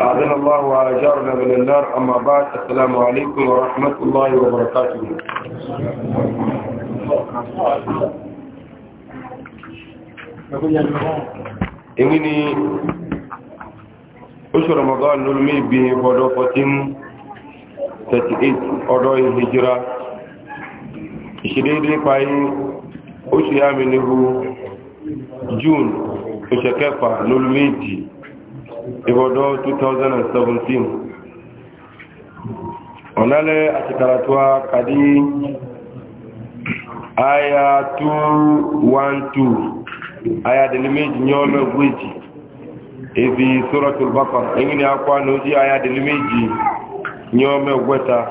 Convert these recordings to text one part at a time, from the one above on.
أعذن الله وعلى جارنا من النار أما بعد السلام عليكم ورحمة الله وبركاته èmi ni oṣù ramadan lórí mi bí ọdọ 1438 ọdọ ìhìjira ìṣẹ́dédé parí oṣù yá mi níhu june oṣù kẹfà lórí méjì 2023 ibodo 2017 onale achikaratuwa kadi aya 212 aya delimeji nyolo gwiji ebi suratul bakar engini akwa noji aya delimeji nyome gweta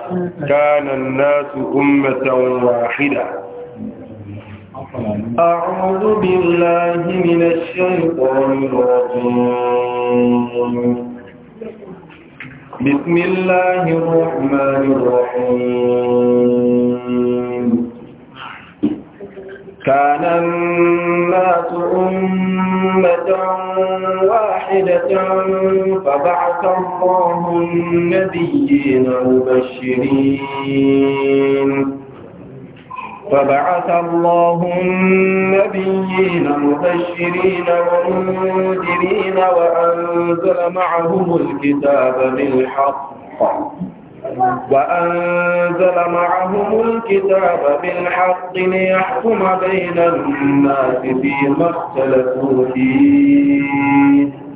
kana nasu ummatan wahida أعوذ بالله من الشيطان الرجيم بسم الله الرحمن الرحيم كان الناس أمة واحدة فبعث الله النبيين مبشرين فبعث الله النبيين مبشرين ومنذرين وأنزل معهم الكتاب بالحق وأنزل معهم الكتاب بالحق ليحكم بين الناس فيما اختلفوا فيه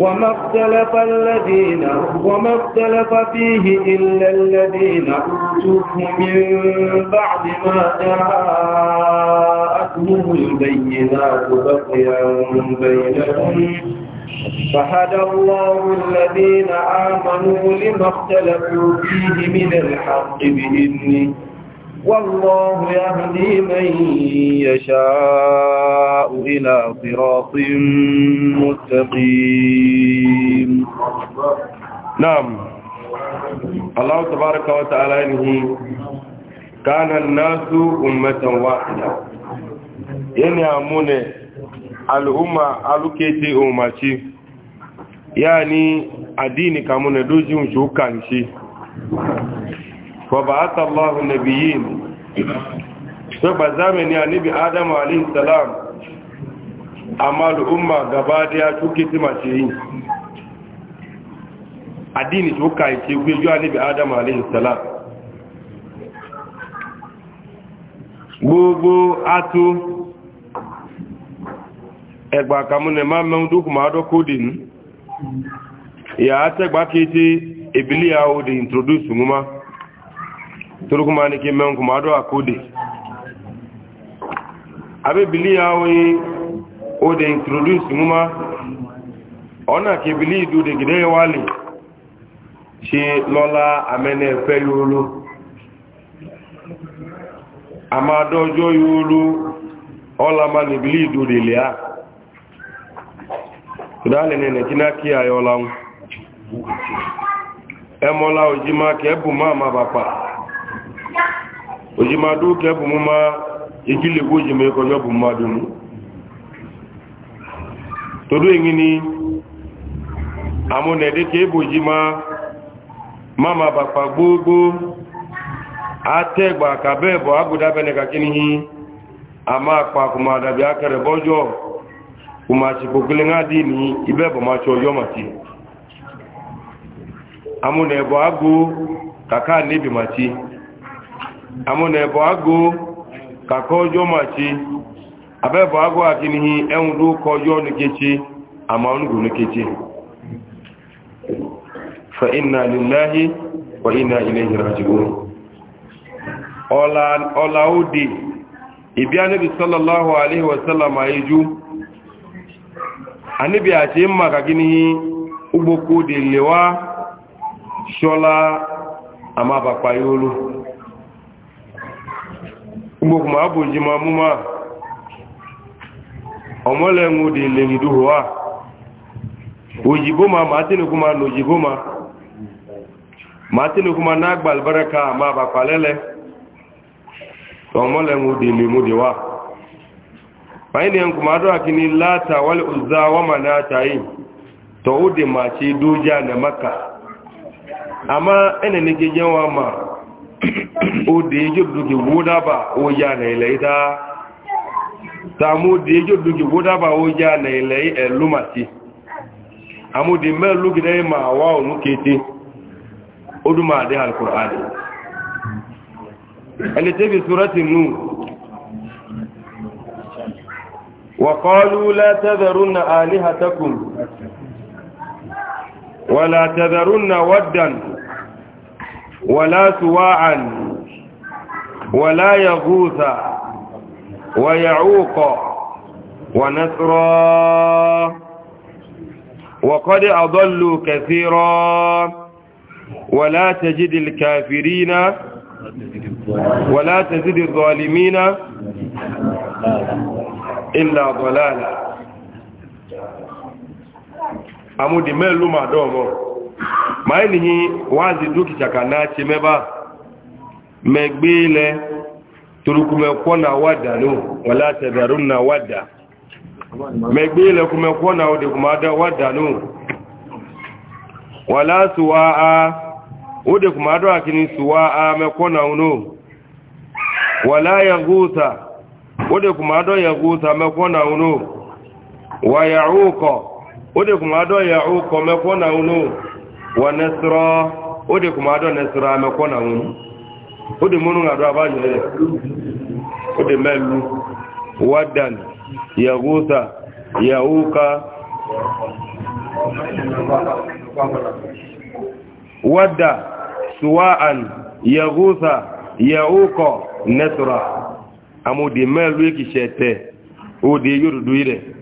وما اختلف الذين وما اختلف فيه إلا الذين أوتوه من بعد ما جاءتهم البينات بقيا بينهم فهدى الله الذين آمنوا لما اختلفوا فيه من الحق بإذنه والله يهدي من يشاء إلى صراط مستقيم نعم الله تبارك وتعالى إنه كان الناس أمة واحدة يعني أمونه الأمة ألوكيتي أمتي يعني أدينك أمونه دوزي وشوكانشي فبعث الله النبيين فبزامن يا نبي آدم عليه السلام أما الأمة قبادية تكت مشيئين الدين توقع يتوقع يا نبي عليه السلام gbogbo ato ẹgbà kàmúnẹ̀ máa mẹ́un dúkùnmọ́ ní ìyà àtẹ́gbà kéte ìbílẹ̀ àwòdì introduce mú máa turkuma ni ke men kuma do akode abe bili ya oyi o de introduce muma ona ke bili du de gide wali se lola amene fe yolo ama dojo yolo ola ma ni bili du de le a dale ne kina ki ayo lawo emola ojima ke bu mama bapa ojimadu kẹfù mú ma ìjúlẹ̀ gbójìmọ̀ ẹkọjọ́ bù má dùnú tòdó èyí ni àmúnẹ̀dẹ́kẹ́ ìbòjì ma má ma bàpà gbogbo àtẹ́gbà kàbẹ́ẹ̀bọ̀ agbódábẹ́nẹ̀ kàkíní a máa pa kùmà àdàbí akẹrẹ bọ́jọ́ kùmà àsìkò kílẹ̀ ń dì ní ibẹ́bọ̀ máa ṣọ ọjọ́ màtí àmúnẹ̀bọ̀ agbó kàkà níbi màtí amụna ebe agụ ka ka ọjọọ ma chi abe bụ agụ aki n'ihi enwuru ka ọjọọ nukechi ama onugu nukechi fa inna lillahi wa inna ilaihi raji'un ola ola udi ibi anabi sallallahu alaihi wa sallam ayiju anabi ati mma ka gini ugboku de lewa shola ama bakpa yolu gbogbo ma bò jí ma mú máa ọmọlẹ́nu ma máa tí nìkú ma lòyìnbó ma máa tí nìkú ma náà gbà lẹ́rẹ́ ká ma wa báyìí ni ẹnkù máa dọ́ àkíní láta wálé òzá wọ́n ma náà tàyí tọ́ ó dè máa ṣe ode jodugi wodaba oya na ile ida tamode jodugi wodaba oya na ile elumati amode melu gide ma wa onu kete oduma de alquran ele tebi surati nu وقالوا لا تذرن آلهتكم ولا تذرن وداً ولا سواعا ولا يغوث ويعوق ونسرا وقد أضلوا كثيرا ولا تجد الكافرين ولا تزد الظالمين إلا ضلالا أمودي ملو ما دومو maili wa wazi duki chakanache meba na turukume kuona wada nu wala tadharuna wada megbile kumekuona ode kumada wada nu wala suwaa ode kumada akini suwaa mekuona unu wala yaghutha ode kumada yaghutha mekuona unu wa yauqa ode kumada yauqa mekuona unu wa nasra o de kuma do nasra me ko na won o de munu ngado aba o de melu wadan yagusa yauka wadda suwa'an yagusa yauka nasra amudi melu ki shete o de yorudu ile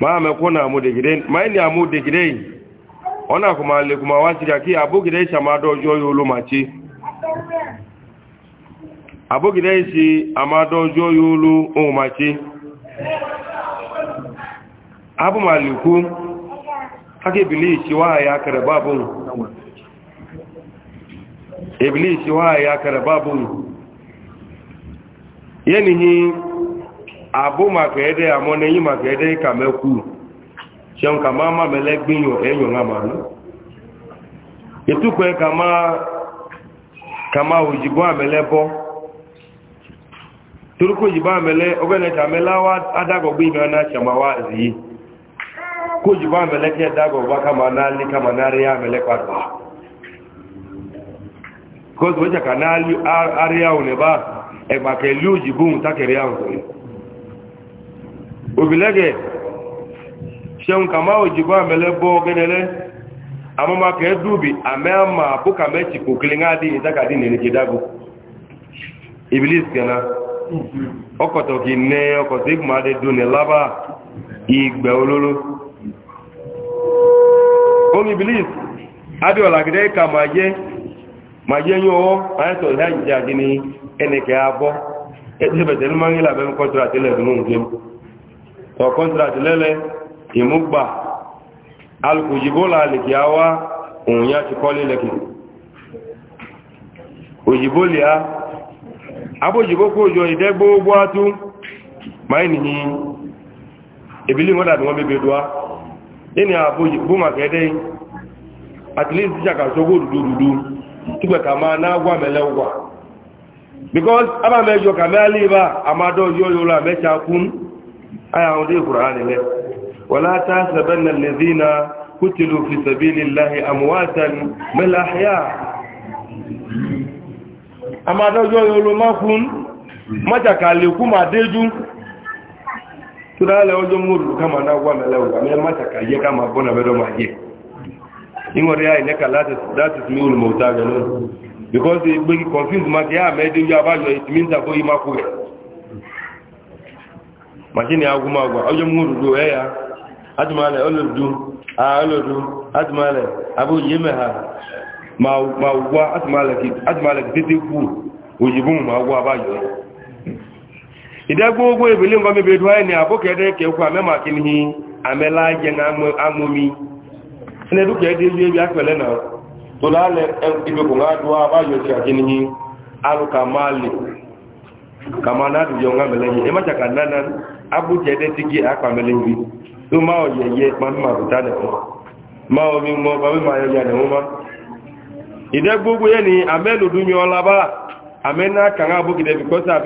maa mɛ ko naa mu degide maa yi ni a mu degide yi ɔna kuma le kuma wa sigi a k'i abogide yi sama dɔ jɔ y'olu ma ci abogide yi si ama dɔ jɔ y'olu ohun ma ci abu ma liku haka ibili si wa ya kare babu ibili si wa ya kare babu yanihi abo maka ede amọ n'enyi maka ede ka mekwu ṣeun ka máa máa mẹ́lẹ́ gbìyàn ẹ̀yàn àmàlú ìtúkọ̀ ẹ ka máa òjìbọ́ àmẹ́lẹ́ bọ́ torúkọ òjìbọ́ àmẹ́lẹ́ ọgbẹ́nẹ̀ta àmẹ́lá wá adágọ̀gbé ìmọ̀ náà ṣàmáwá yìí kó òjìbọ́ àmẹ́lẹ́ kí ẹ̀dágọ̀gbá ká máa náà lé ká máa obilege seun kama ojibo amele bo genele amama dubi ame ama ma bụ ka di itaka di nene kidago iblis kana okoto kinne okoto igma de dune igbe ololo on iblis adi olagide ka ma maye yin o ayeto laji ajini eneke abo tọ kọntrakt lele imugba alùkùjìbó làlè kí a wá òun yá ti kọ́lé lẹ́kì òjìbó lè á abójìbó kó òjò ìdẹ́ gbogbo ebili máì nìyí ìbílí wọ́n dàbí at least ṣàkà sógó dudu dúdú túgbẹ̀ká máa náà wà mẹ́lẹ́wà because abàmẹ́jọ kàmẹ́ àlè bá àmàdọ́ yóò yóò aya odi qur'ani ne wala tasabanna alladhina kutilu fi sabilillahi amwatan bal ahya na wa melewu kama maja kaye kama bona bedo maje ingori ai ne kala that is me ul mutaga no because they bring confuse ma ya me deju abajo it means that boy makuwe machine ya agwụmagwa onye eh ya adụmale olodu olodu adụmale ha ma ụgwa adụmale gidete kwu oyibo ma agwọ abayọ ìdẹ́gbó ogún ìbílẹ̀ nǹkan mẹ́bẹ̀ẹ́ dúwáyé ni àbókẹ́dẹ́ kẹ́kọ́ àmẹ́màkí ní àmẹ́lá jẹ́ àmúmi ní ẹdúkẹ́ dé na bí apẹ̀lẹ́ náà ha lálẹ́ ìgbèkùn àdúwà abáyọ̀ sí àti níyí alùkàmáàlì kàmáà náà na abújẹ dé ti gé apàmẹ́lẹ́ wí tó máa ọ̀yẹ̀ yẹ pàmímà bùtá nẹ̀kọ́ máa omi mọ́ pàmímà yọ̀yà nẹ̀wọ́ má ìdẹ́ gbogbo yẹ́ ni amẹ́lòdú yan ọlábá amẹ́nà kàrá abúgidẹ̀ bìkọ́sà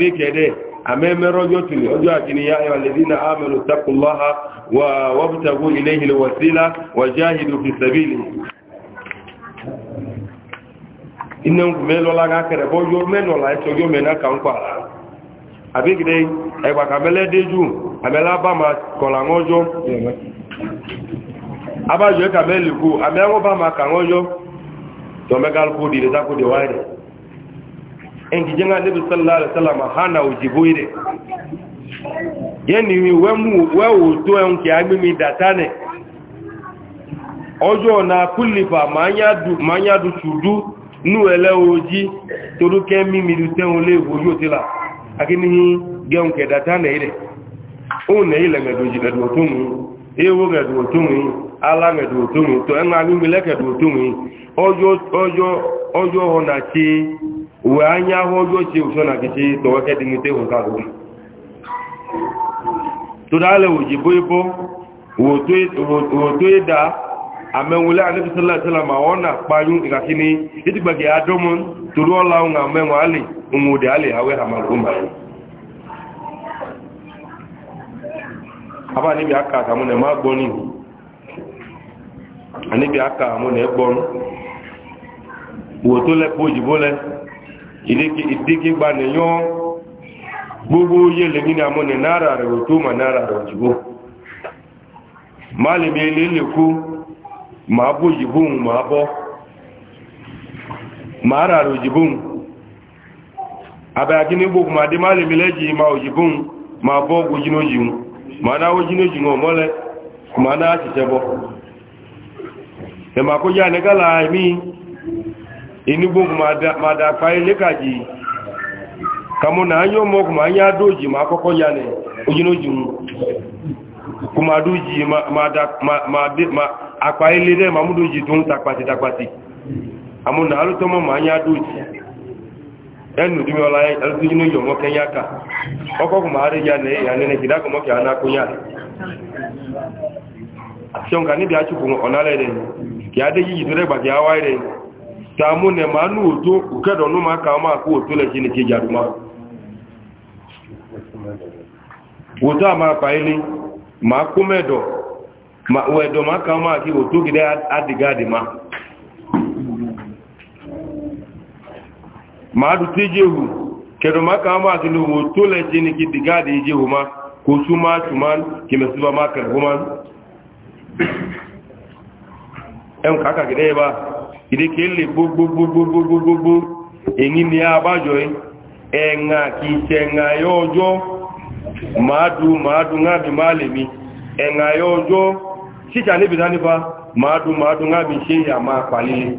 iná ń kùmẹ́ lọ́lá kẹrẹ̀ bọ́ yóò mẹ́nà láìsọ yóò mẹ́nà kà ń pààrà àbíkìdé ẹgbà kàmẹ́lẹ́ déjú àmẹ́lá bá ma kọ̀lá ọjọ́ abájọ́ kàmẹ́lì kú àmẹ́wọ́ bá ma kà ọjọ́ tọ́mẹ́gálùkú dìde sákòdè wáyé ẹnkì jẹ́ níbi sallàlẹ́sallàmà hánà òjìbó na kúlìfà ma ń yádù ṣùdú nú ẹlẹ́ ojí akini geun ke data ne ire o ne ile me doji na do tumu ewo me do tumu ala me do tumu to en ani mi leke do tumu ojo ojo ojo anya ojo ti o na kiti to we ke ka to da amewule anabi sallallahu alaihi wasallam umude ale hawe hamal umai aba ni bi aka ka mu ne ma gbon ni ani bi aka mu ne gbon wo to le poji le ile ki idiki gba ne yo gbogbo ye le ni amu ne nara re to ma nara re jibo mali mi le le ku ma bo jibo ma bo ma ara re jibo a n'igbo bụ ma dị mali mileji ma oyibo ma bụ ọgwụ ma na oji n'oji m omole ma na achịcha bụ a kó yá nígbàlá ẹ̀mí inúgbò ma dà pa ma kọ́kọ́ yá ní ojúlójì mú kùmà dójì ma àpá ma mú dójì tó ń tapàtì ma ẹnu dimi ọla ẹlẹtiri ní yọmọ kẹnyà ká ọkọ kò máa rí ya ní ẹyà nínú ìdá kọmọ kí a náà kó yá àṣẹun ká níbi àṣùkù ọ̀nàlẹ̀ rẹ̀ kí a dé yíyí tó rẹ̀gbà kí a wáyé rẹ̀ tààmú nẹ̀ máa nú òtó òkèdọ̀ ní máa ká máa kí òtó gidẹ́ adìgáàdì máa maadu te jehu kedo maka ama kilo wo tole jini ki diga jehu ma ko suma tuman ki mesuba maka human en kaka gide ba ide kele gbogbo gbogbo gbogbo gbogbo eyin ni abajo yi enga ki senga yo ojo maadu maadu ngabi malemi enga yo ojo sita ni bidani ba maadu maadu ngabi sheya ma palile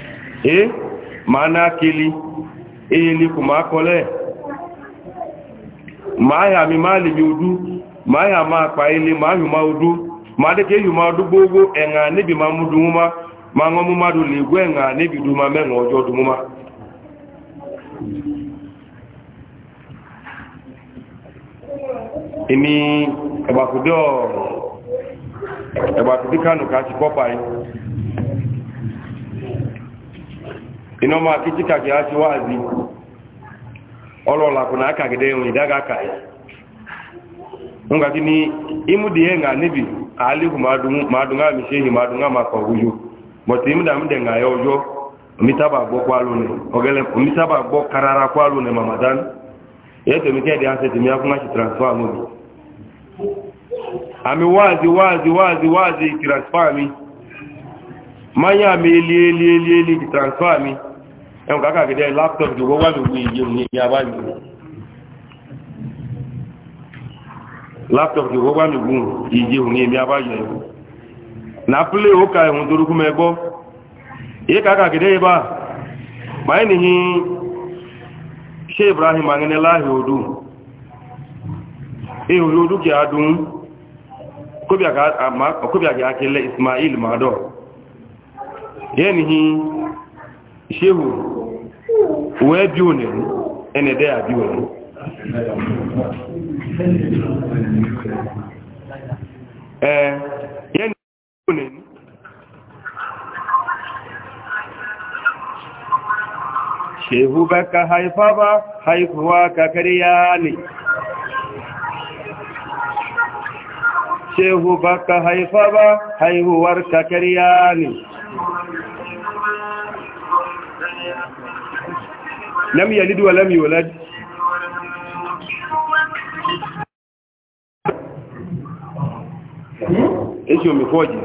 e mana kili ili kumakole maya mi mali bi udu maya ma pa ili ma yuma udu ma de ke yuma udu gogo enga ni bi mamudu ma ma ngomu madu li gwenga ni bi duma me ngojo duma emi e ba kudo e ba kudikanu ka ti popa yi e. iná máa kí tí kàkì á ti wá àzí ọlọ́ọ̀lá kò náà kàkìdẹ́ ìrìn ìdága kàí ngàtí ni imúdi ẹ̀ ngà níbi àálẹ́kù máa dùn áàmì ṣe yìí máa dùn áàmà kọ̀ wúyọ bọ̀tí imúdàmídẹ̀ ngà ẹ ọjọ́ omítàbà gbọ́ kwálù ní ọgẹ́lẹ́ omítàbà gbọ́ karara kwálù ní mamadan yẹ́ tẹ̀mí kẹ́ẹ̀dẹ́ á sẹ́tẹ̀mí afúnáṣì transfer àmì àmì wáàzí wáàzí wáàzí wáàzí transfer àmì máyà mi eli eli eli eli transfer àmì enwere kàkà kìdẹ́ laptop jù wọ́wọ́ mi iye òní ìyá bá mi laptop òní ìyá bá na play ó ka ẹ̀wọ̀n torúkú mẹ́gbọ́ iye kàkà kìdẹ́ yìí bá báyìí nìyí ṣé ibrahim agnelláhi odù ihò ismail madọ shehu wee bi one ene de abi one eh yen one shehu baka haifa ba haifuwa ka kariya ne shehu baka haifa haihuwar ka ne لم يلد ولم يولد esi omi fọ́ọ̀jì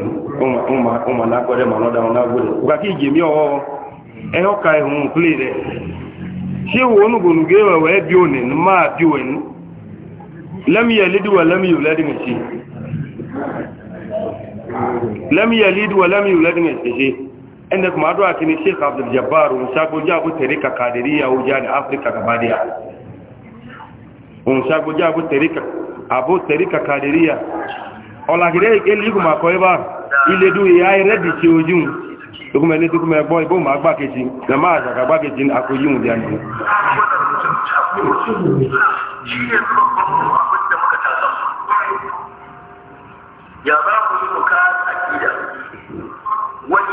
ọmọ alágbọ́dẹ̀ ma lọ́dá wọn lágbọ́dẹ̀ ọgbà kí ìjèmí ọwọ́ ẹ̀ọ́ka ẹ̀hùn ìpìlẹ̀ rẹ̀ ṣe wo onúgbònúgbé ẹ̀wẹ̀ bí òní máa bí òní lẹ́mìyẹ̀ lídíwà lẹ́mìyẹ̀ lẹ́dìmẹ̀ ṣe inda kuma addu'a kini Sheikh Abdul Jabbar musa goji abu tarika kadiriya wuja da Afrika gaba daya musa goji abu tarika abu tarika kadiriya olagire ikeli kuma ko ba ile du ya ready ti ojun dokume ni dokume bo ibo ma gba keji na ma za gba keji akoyi mu dia ni ya za ku yi akida wani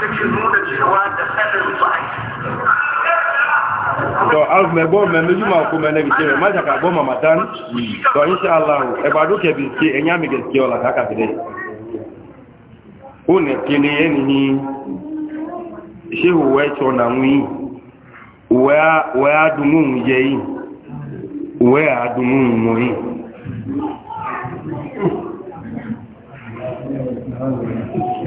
take nuna cewa da sanin ba to alf me bo me meju ma ku me ne ke ma ta ka bo ma matan to insha Allah ba do ke bi ke enya mi ke ke ola ka ka de o ne ke ne ye se wo e to na nwi wo ya wo ya du mu ye yi wo ya du mu mo yi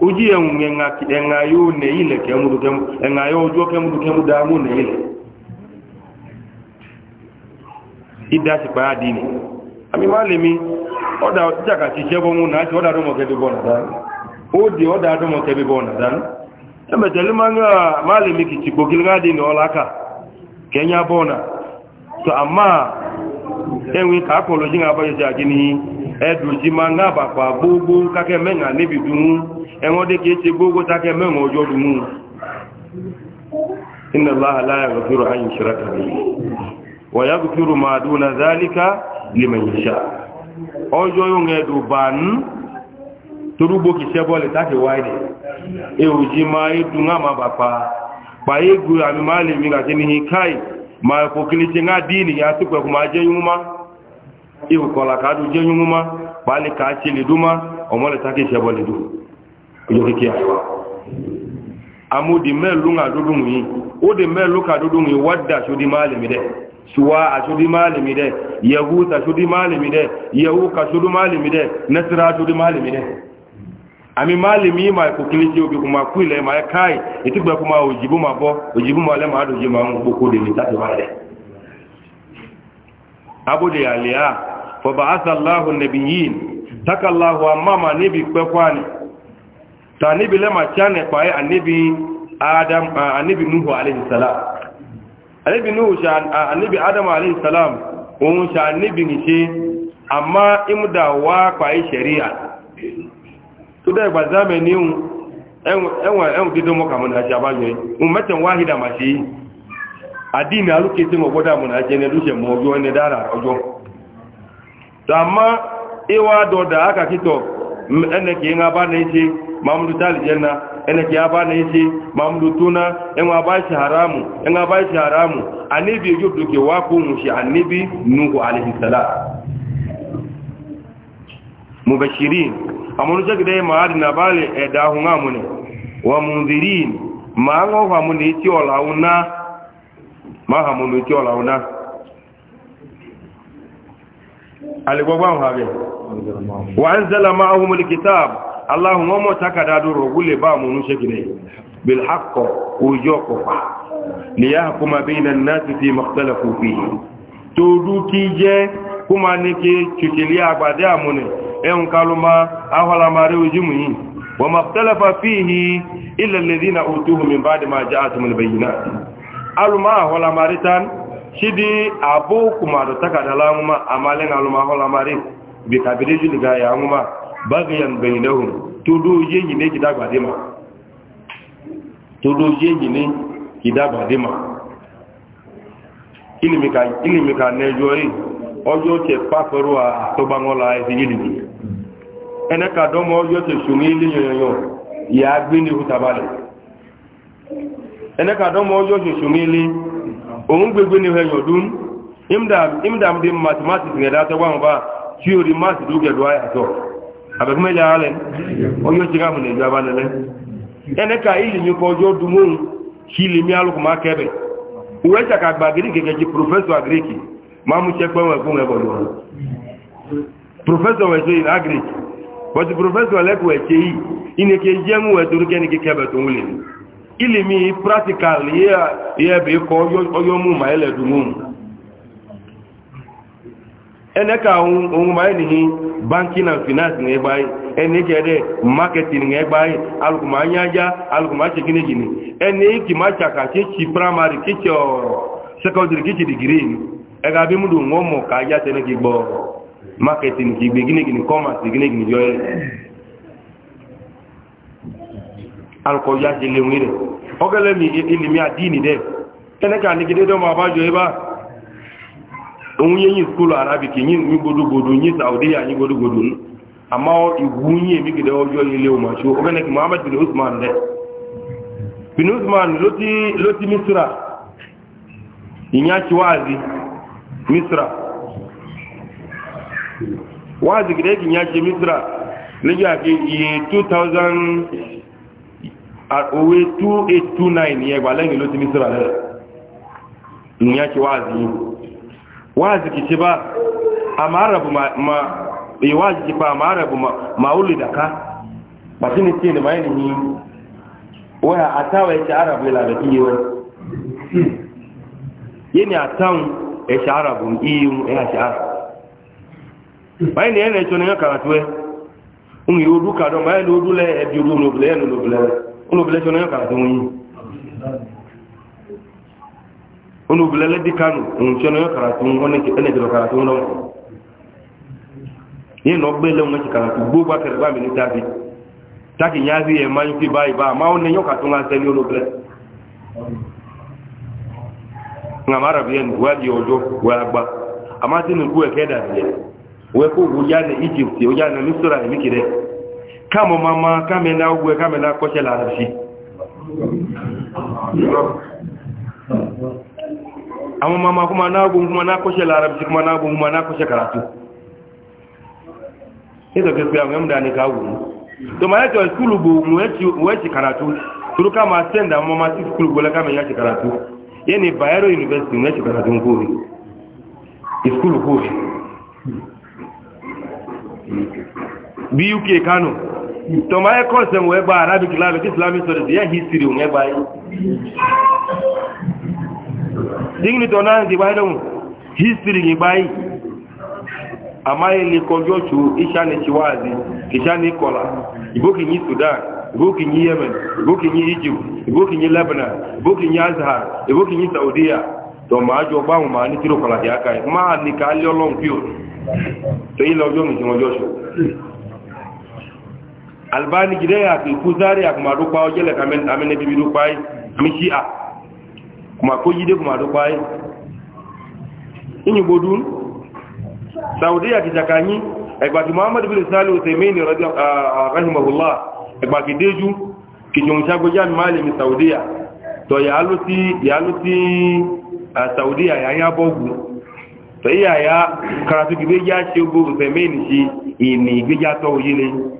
oji enwe enga ya une ile enga ya ojuo kemudu kemudu amu ne ile idasi pa ya dini ami malemi oda jaka ti sebo mu na ti oda do mo ke bi bona dan o di oda do mo ke bi bona dan eme tele manga malemi ki ti gbogil ga dini olaka kenya bona to amma enwe ka akolo jinga abayo ti ajini edu ji manga ba gbogbo kake menga ne bi ẹ̀wọ́n dé kìí ṣe gbogbo tákẹ́ mẹ́wọ̀n ọjọ́ lù mú iná láàláyà gbogbo ayé ìṣẹ́ra kàrí wọ́n yá gbogbo máa dúnà záálíkà lèmẹ̀yìnṣà ọjọ́ yóò ń ẹ̀dù bá ń torúgbó kìí ṣẹ́ bọ́ọ̀lì tákẹ́ wáyé èrò jí máa ń dùn á máa bàpá pàyé gbò àmì máa lè mìíràn kí ni káì máa kò ìṣẹ́bọ̀ lè dùn ojú kíkí àìwá amúdi mẹ́lú ńà dúdú yìí ó di mẹ́lú ká dúdú yìí wádà ṣúdí máa lè mi dẹ̀ ṣùwá àṣúdí máa lè mi dẹ̀ yẹ̀wú tàṣúdí máa lè mi dẹ̀ yẹ̀wú kàṣúdú máa lè mi dẹ̀ nẹ́sìrá ṣúdí máa lè mi dẹ̀ àmì máa lè mi tí obì kò kú ilẹ̀ máa káì ìtìgbà kò máa òjìbó máa bọ́ òjìbó máa lẹ́màá dòjì máa ń gbókó lè mi láti máa dẹ̀ abúlé àlè à fọ̀bà àṣà nẹ̀bìyìn tákàláhùn àmàmà níbi pẹ́kwá ta níbi lẹ́mà tí a nẹ̀ pàáyé anibi nuhu aleyhisselam àníbi nuhu ṣe àníbi adamu aleyhisselam ohun ṣe àníbi ṣe àmá imúdà wá pàáyé ṣẹ̀ríà tó dẹ́ ìgbà zámẹ̀ ní ẹwọ̀n ẹwọ̀n dídó mọ́ kàmọ́ náà ṣe àbájọ́ yìí mẹ́tẹ̀ wáhídà mà ṣe yìí àdínì alúkété mọ̀gbọ́dà mọ̀ náà ṣe ẹni lóṣẹ̀ mọ́ ọjọ́ mamdu ta aljanna ene ki aba na ise mamdu tuna en aba shi haramu en aba shi haramu anibi yub duke wa ko mu shi anibi nuhu alaihi salam mubashirin amunu jagi dai maadi na bale e da hu ngamune wa mundirin ma ngo fa ti ola una ma ha mun ti ola una aligbogbo ahun habe wa anzala ma'ahum alkitab Allahumma mo takada do rogule ba mu nu shekine bil haqqo ujo ko fa li yahkuma bayna an-nas fi makhtalafu fihi to du ki je kuma ni ki chukili agbade amune e un kaluma awala mare ujumu yi wa makhtalafa fihi illa alladhina utuhu min ba'di ma ja'atuhum al-bayyinat aluma awala mare tan shidi abu kuma do takada languma amalen aluma awala mare bi kabiri juliga ya nguma bagyan bainahum to doje ni ne kida gbadema to doje ni ne kida gbadema ilimi ka ilimi ka ne joyi e, ojo te paporo a to bangola e ti ilimi ene ka do mo ojo te sumi ilimi yoyo ya gbe ni hutabale ene ka do mo ojo te sumi ilimi ohun gbegbe ni heyo dun imdam imdam di mathematics ne da to wa ba theory math du do aya to àbẹ̀kúnmẹ́jà alẹ́ ọjọ́ ti ráàmù nìjọ abánilẹ́ ẹnẹ́ka ìlìmí kọ ọjọ́ dùnmóhun kí ìlìmí alùkùnmá kẹ́bẹ̀ ìwé ìjàkà àgbà gíríkì kẹjì pòfẹ́sọ̀ àgíríkì máa mú sẹ́pẹ́ wọn fún ẹbọ̀ lọ́wọ́ pòfẹ́sọ̀ wẹ̀ṣẹ́ ìlà àgíríkì bọ́tí pòfẹ́sọ̀ lẹ́kùn ẹ̀ṣẹ́ yìí practical yẹ́ ẹ̀bẹ̀ kọ ọjọ́ mú màálẹ̀ eneka onwuma enihi bankin and finance na egbai enekede marketing na egbai alụkụma anya aja alụkụma chekini gini eneki machaka kichi primary kichi secondary ega bi ka ki gbo marketing ki gbe gini gini commerce gini gini yo alko ya onye yi skulu arabik nye nyigodogodo nye saudi ya nyigodogodo ama iwu nye emegide ọjọọ ile umachu ogenek muhammad bin usman de bin usman loti loti misra inyachi wazi misra wazi gide ki inyachi misra lejo ake iye 2000 owe 2829 yẹgbà lẹ́yìn loti misra lẹ́ inyachi wazi wazi kichiba amarabu ma, ma iwazi kipa amarabu ma, mauli daka batini tini maini hii wea atawa echa arabu ila bekiwe yeni atawu echa arabu iyu echa arabu maini ene echo nenga karatwe ungi kadon do maini udule ebi udu unobile enu unobile unobile echo nenga karatwe unyi onu bilala di kanu ohun tí ọ̀nà yọ karatu ẹnẹ̀dẹ̀lọ karatu ń lọ́wọ́ ní ẹ̀nà ọgbẹ́ lẹ́wọ̀n ẹ̀kì karatu gbogbo akẹrẹ bá mi ní tábí táàkì yá sí ẹ̀ máa ń fi báyìí bá máa ń yọ kàtó ńlá sẹ́ni olóbìlẹ̀ ń àmà àràbí ẹni wà di ọjọ́ wà àgbà àmà tí nìkú ẹ̀kẹ́ dàbí ẹ̀ wẹ́ kó wò yá ní egypt ó yá ní mísírà ẹ̀mí kìrẹ́ káàmù máma káàmẹ́ná amma mama kuma na gun kuma na kushe larabci kuma na gun kuma na kushe karatu sai da gaskiya mu yamda ne kawo to ma yake skulu bu mu yace wace karatu turu kama send amma ma su skulu gola kama yace karatu yani bayero university mu yace karatu ko ne skulu ko bi uk kano to ma yake kose mu eba arabic language islamic studies ya history mu eba yi dígbì tó náà ti báyìí lóhun history ní báyìí àmáyé lè kọjọ́ tó iṣá ní ṣíwáàzí iṣá ní kọlá ìbókì ní sudan ìbókì ní yemen ìbókì ní egypt ìbókì ní lebanon ìbókì ní azhar ìbókì ní saudiya tó máa jọ báwọn máa ní tíró kọlá ti aka yìí máa ní ká lé ọlọ́run pí o tó yí lọ́jọ́ mi sí wọn jọ́ṣọ́ albani jìdẹ́ àti kúzárì àkùmàdúpá ọjẹ́lẹ̀ kàmẹ́nẹ́bíbí dúpá yìí àmì ṣíà kuma ko jide kuma do kwai inyu bodun saudiya ti jakanyi egba ti muhammad bin salih uthaymeen ah, ah, rahimahullah egba ki deju ki nyum chago jan mali mi saudiya to ya aluti ya aluti ah, saudiya ya ya bogu to iya ya karatu ki beja shi ogo uthaymeen shi ini beja to yile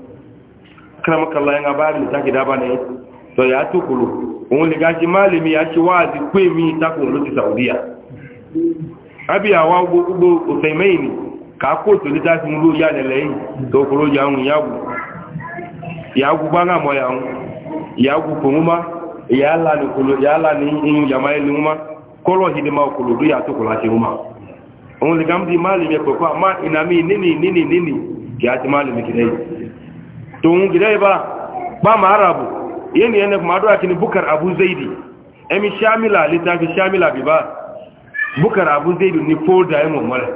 kramaka allah ya ngabari ta ki dabane tọ̀yà tó kòrò òun lè gáṣe máa lè mi àṣẹ wá àti pé mi ìtakùn ló ti sàúdíyà awa àwa gbogbo òfẹ́ mẹ́yìn kàákò tó lítà sí ló yà lẹ́lẹ́ yìí tó yàwùn ìyàwù ìyàwù bá yàwùn ìyàwù kò má ní inú yàmá má kọ́lọ̀ máa kòrò lóyà di máa lè mi pẹ̀pẹ́ àmá ìnàmí kì yeni yana kuma addu'a kini bukar abu zaidi emi shamila litafi shamila biba bukar abu zaidi ni folda ya mọ̀mọ́lẹ̀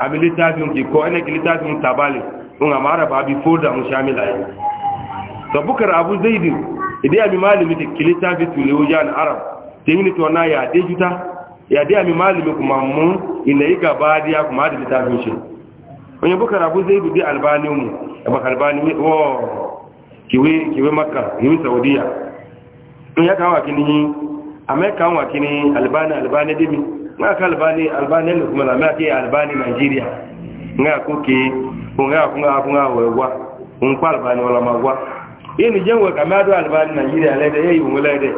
àmì litafi nke kọ ẹnẹ́kì litafi ń tabali ń àmà araba abi folda ń shamila yẹn so bukar abu zaidi ìdí àmì malimi ti kì litafi tuli ó yá ní arab tèmi ni tọ́nà yà dé juta yà dé àmì malimi kuma mú ilẹ̀ yìí gaba di ya kuma adi litafi ń ṣe onye bukar abu zaidi bí albani mu ẹ̀bà albani wọ́ọ̀ kiwe kiwe makka kiwe saudiya in ya kawo kini amai kawo kini albani albani dimi nga ka albani albani ne kuma lamai ke albani nigeria nga ko ke ko nga ko nga ko nga wewa un kwa albani wala magwa ini jenwe ka madu albani nigeria le de yi wala de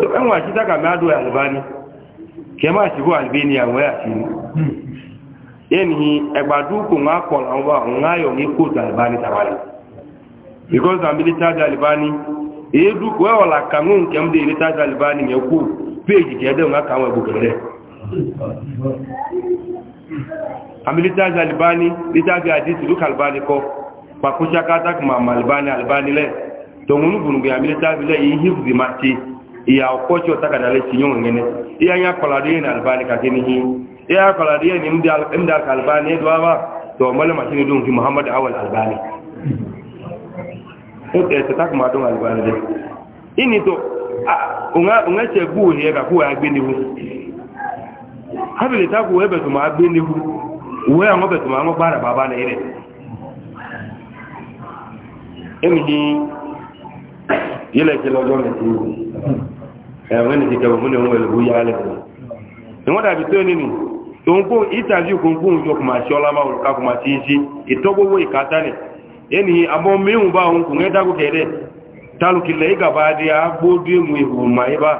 to kan wa kita ka madu albani kema ti go albania wa ti yeni hmm. egbadu ko nga ko lawa nga yo ni ko albani tawali because I'm military Talibani edu ko e wala kangu nke mde military Talibani nye ku page ke de ngaka wa bukere I'm military Talibani military hadith lu Talibani ko pa ko chaka tak ma Malbani Albani le to ngunu bunu bi military le yi hifzi mati ya okocho taka dale chinyo ngene iya nya kola de na Albani ka kini hi iya kola de ni mde mde Albani edwa ba to mala machini dunki Muhammad Awal Albani ẹ̀sẹ̀tá kò máa dún àlùbáyé jẹ́ ìní tó òun ẹ̀ṣẹ̀ gbú òhì ẹ̀kà kó wà gbé níhu ábìlì tákù ẹ̀bẹ̀ tó máa gbé níhu òwe àwọn ọ̀bẹ̀ tó máa ń gbára bàbá ní rẹ̀ èmi ní yílẹ̀ ìṣẹ̀lẹ̀ ọjọ́ mi ti ẹ̀wọ̀n ní ti kẹwọ̀ fún ìwọ̀n ẹ̀lẹ́gbó yá lẹ́kọ̀ọ́ ìwọ́n dàbí tó nínú tòun kó ìtàjú kòńkó òun jọ kò máa ṣe ọlá máa kò máa ṣe é ṣe ìtọ́gbówó ìkátánì yẹni abọ́ mẹ́hùn bá ohun kùn ẹ́dàgbò kẹ́rẹ́ tálùkìlẹ̀ ìgàbà adé agbóòdú èmù ìhùmà ibá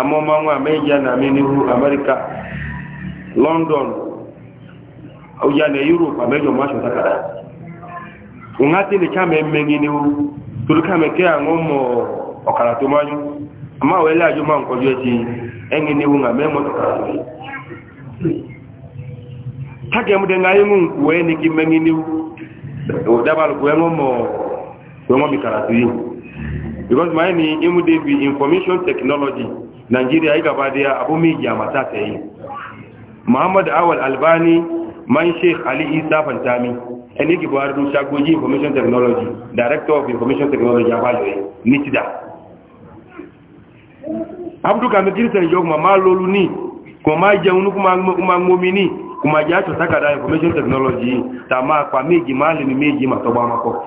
amọ́máwọn amẹ́yà na amẹ́nihu amẹ́ríkà london òyàlẹ̀ na amẹ́jọ máṣọ lọndọn ǹhá na yuropu kàmẹ́ mẹ́rin ni ó torí kàmẹ́ kẹ́ àwọn ọmọ ọ̀kàrà tó máa yún àmà àwọn ẹlẹ́ àjọ ń kú dabaluku ɛŋɔ mɔ mi karatu yi because maa yi ni emu de bi information technology nigeria yi gaba de ya abo mi jama ta yi muhammadu awal albani man sheikh ali isa fantami ɛni ki buhari du sagoji information technology director of information technology abalo yi nitida abdul kamil kirisen yɔ kuma maa lolu ni kuma maa jɛun kuma ŋmomi ni kuma jacho takada information technology tamaa kwa miji mali ni miji matoba mako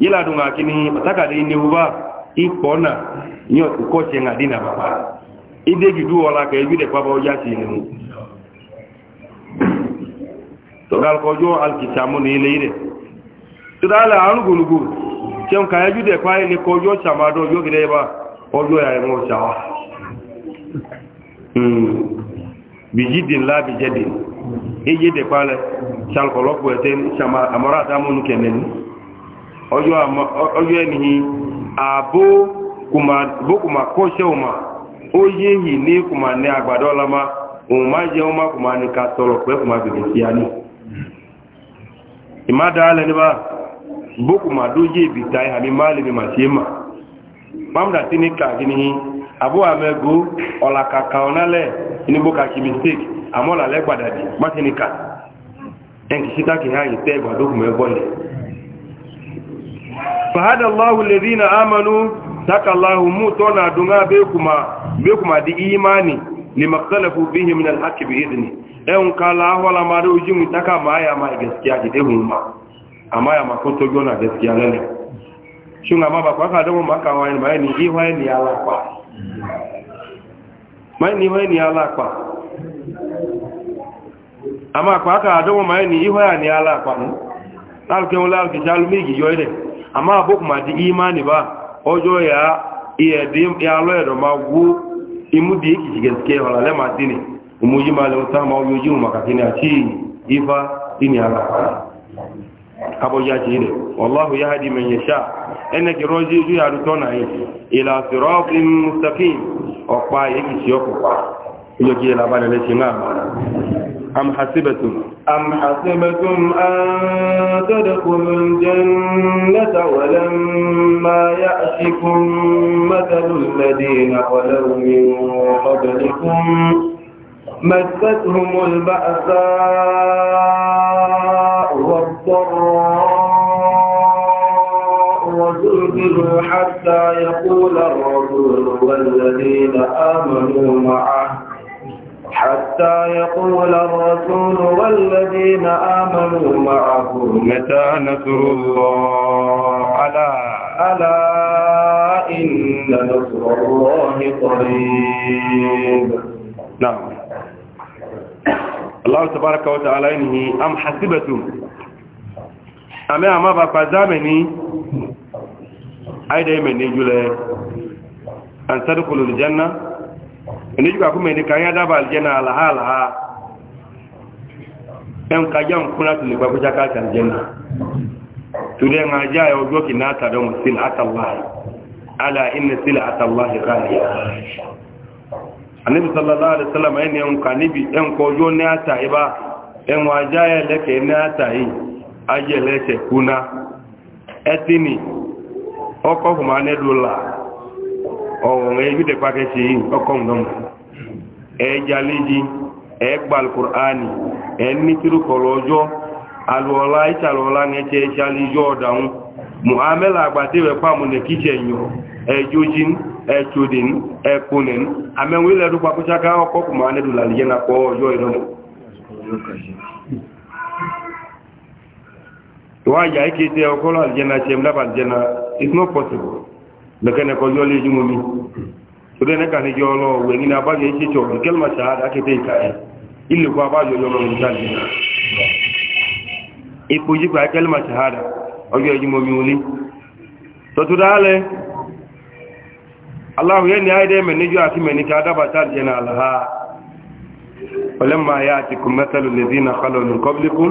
yila dunga kini takada ni uba ikona nyo ukoche ngadina baba idegi duo la ka ibide kwa ba oja sinu to gal ko ni ile ile tudala anu gulugu kem ka ibide kwa ile ko jo chamado yo gide ba ojo ya mo chawa hmm. bijidin la bijadin eje de pale chalkolo ko ten chama amara ta munu kenen ojo ojo ni abo kuma bo kuma ko shoma oye hi ni kuma ne agbado lama o ma je o ma kuma ni ka toro pe kuma bi ti ani imada ale ni ba bo kuma doje bi tai ha mi mali mi masema mamda tinika gini abo amego ola onale inúgbó kàkí mistake àmọ́là lẹ́gbàdà dì mátínìkà ẹnkì síta kì hàn ìtẹ́ ìgbàdókùnmọ́ ẹgbọ́lẹ̀ fàhádà láhù lè rí na ámànú sáka mú tọ́nà àdúnmá békùmà di ìmáni lè makalafu bí i minal haki bí ìdìní ẹun ká láhọ́lá máa rí ojú mutaka máyà máa gẹ̀ẹ́sìkíyà dìde hùn ma àmáyà máa kó tójú ọ̀nà mai ni hoye ni ala pa ama pa ka do mai ni ya ni ala pa ni tal ke ola ke jalu mi gi yoide ama abok ma di imani ba ojo ya iye di ya lo edo ma wu imudi ki jigenske hola le ma dini umuji ma le utama o yoji ma ka kini achi ifa ini ala abo ya ni wallahu yahdi man yasha ẹnẹ ẹnẹ́kì rọ́jí ìlú àrùtọ́nà yìí ìlà sírọ́ọ̀fì mustapin ọ̀pá èyí tí ó kò pa ìjọkí ìlàbánilẹ̀ ṣe náà am hasibatum am hasibatum an tadkhulul jannata wa lamma ya'tikum mathalul ladina khalaw min qablikum مستهم البأساء والضراء تلقه حتى يقول الرسول والذين آمنوا معه حتى يقول الرسول والذين آمنوا معه متى نصر الله ألا ألا إن نصر الله قريب نعم الله تبارك وتعالى إنه أم حسبتم أما ما بقى زامني aida yi mai ne jula an sadukulu aljanna ne juga kuma ne kan ya daba aljanna alaha alaha ɗan kajan kuna tuli ba kusa ka aljanna tudai nga ja ya ojo ki nata da mu sil atallahi ala inna sil atallahi ghaliya annabi sallallahu alaihi wasallam ayin yan kanibi ɗan kojo ne ata iba ɗan waja ya leke ne ata yi aje leke kuna etini ọkọ̀ fún ma nẹ́dùlá ọ̀wọ̀n ẹgbẹ́dẹ̀ pàkẹ́sì ọkọ̀ mdọ́m ẹjà léjì ẹgbà alụọla ịchalụọla na ọjọ́ alùọlá ìṣàlùọlá ẹ̀ṣẹ́ ìṣàlùjọ́ ọ̀dàun yọ ẹjọ́jín ẹtòdìn ẹkùnìn wa ya ike te okolo aljana che mla aljana it's not possible leke ne ko yole jumo mi to de ne ka ni yolo we ni na ba ye che cho kelma shahada ke te kai illi ko ba yo yolo ni dalji ipo ji ba kelma shahada ojo jumo mi uli to to dale allah ye ni aide me ni jo ati me ni ka da ba ta aljana alha ولما ياتكم مثل الذين خلوا من قبلكم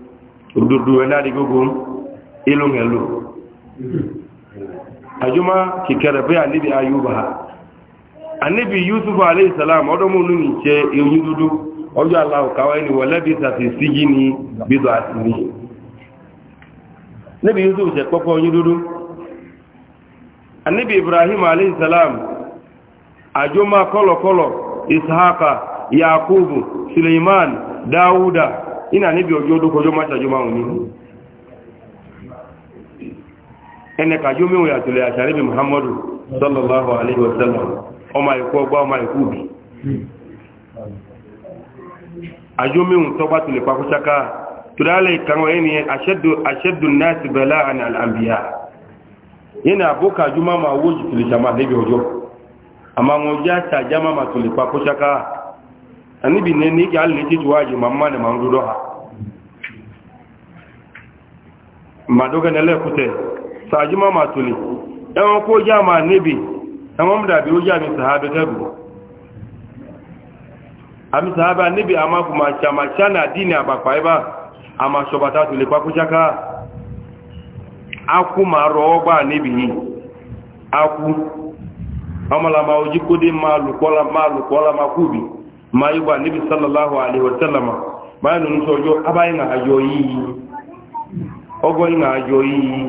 dudu na di gugu ilu ngelu ajuma ki karabe alibi ayuba anibi yusuf alayhi salam odo mu nu nche eyin dudu ojo allah ka wa ni wala bi tafi sijini bi do asini nabi yusuf je popo yin dudu anibi ibrahim alayhi salam ajuma kolo kolo ishaqa yaqubu suleiman dauda ina níbi ọjọ́ olókojọ́ mátàjọ́ máa ní ẹnẹ̀kàjọ́ mẹ́wọ̀n àtìlẹ̀ àṣàríbì muhammadu sallallahu alaihi wasallam ọmọ ikú ọgbá ọmọ ikú bí àjọ́ mẹ́wọ̀n tọ́gbà tilẹ̀ pàkúṣaká tùdálẹ̀ ìkàwọn ẹni aṣẹ́dùn náà ti bẹ̀lá àni àlàmbíyà yẹn àbúkàjọ́ anibi ne ni ya le jiju waji mamma ne mangudo ha madoga ne le kute saji mama tuli ẹwọn e kó já ma níbi ẹwọn e mú dàbí ó já mi sàhábẹ́ tẹ́bù àmì sàhábẹ́ níbi a máa kùmà ṣàmà ṣánà dínì àbàpà ẹbá a máa ṣọ̀bàtà tó lè pápúṣáká a kú ma rọ ọgbà níbi yìí a kú ọmọlàmà ojí kó dé máa lùkọ́lá máa lùkọ́lá máa kú bìí ma yi wa nabi sallallahu alaihi wasallama ma yi nunu sojo aba na ayo yi ogo yi na ayo yi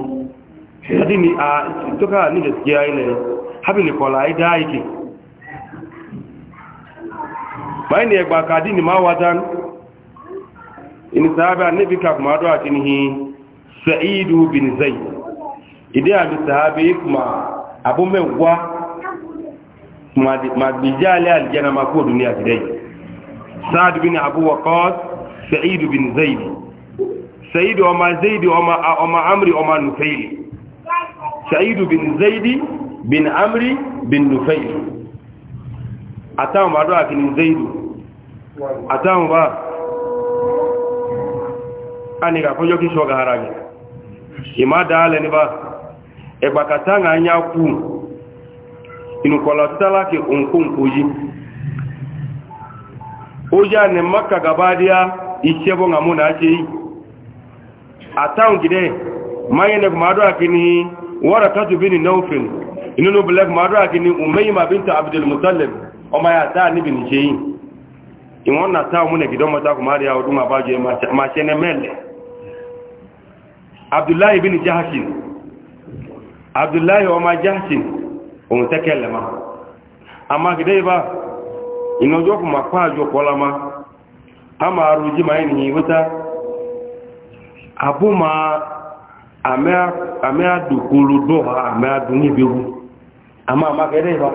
hadi ni a toka ni gaskiya yi ne habi ni kola ai da yake ma yi ne gba ka di ni ma watan in sahaba nabi ka kuma do atin hi sa'idu bin zayd ide abi sahabi kuma abu mewwa ma ma bijale aljana ma ko duniya gidai سعد بن أبو وقاص سعيد بن زيد سعيد وما زيد وما وما عمرو وما نفيل سعيد بن زيد بن عمرو بن نفيل أتاهم بعضها كن زيد أتاهم بعض أني كفوج كيشوا كهراني إما دال نبا إبقى كتان عنيا كوم إنو كلا تلا كي أنكم كوجي oja ne maka gaba daya ishe bon amuna ake yi a town gide maye ne kuma adu akini wara tatu bini naufin inunu black ma adu akini umayma binta abdul mutallib o ma ya ta ni bini ce yi in wannan town mu ne gidan mata kuma da ya wudu ma baje mele abdullahi bin jahashin abdullahi wa ma jahshin ma. mutakallama amma ìnàjọ́ fún màpá àjọ ma, a máa rojí máa ènìyàn ìwẹ́ta àbú ma àmẹ́ àdòkòlò dọ́ha àmẹ́ àdùn ìbẹ̀rù àmá àmá kẹ́dẹ́ ìbá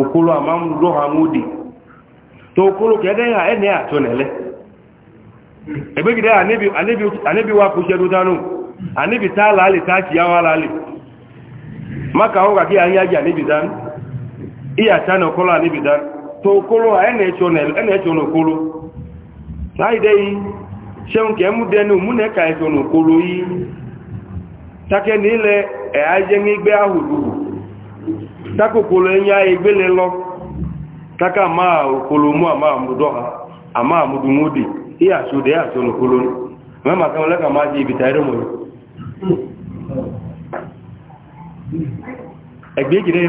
òkòlò àmá ń dọ́ha módì tó òkòlò kẹ́dẹ́ ìhà ẹni àtọ́ nẹ̀lẹ́ ẹgbẹ́gidẹ́ àníbi wa kò ṣẹdú dánú àníbi tá láàlè tá kìí àwọn aláàlè má kàwọ́ kàkí àyájì àníbi dánú ìyàtánà ọkọ́lọ́ àníbi dánú to kolo a ẹna-ẹchọ n'okolo láìdẹ́ yìí ṣeun kẹ mú dẹnu múnẹ̀ka ẹ̀tọ́ n'okolo yìí take nílẹ̀ ẹ̀yà jẹ́ nígbẹ́ takokolo taka máa okolo e e ha àmà àmúdùmúdì ya ẹ̀yàṣọ́ n'okolo ẹgbẹ́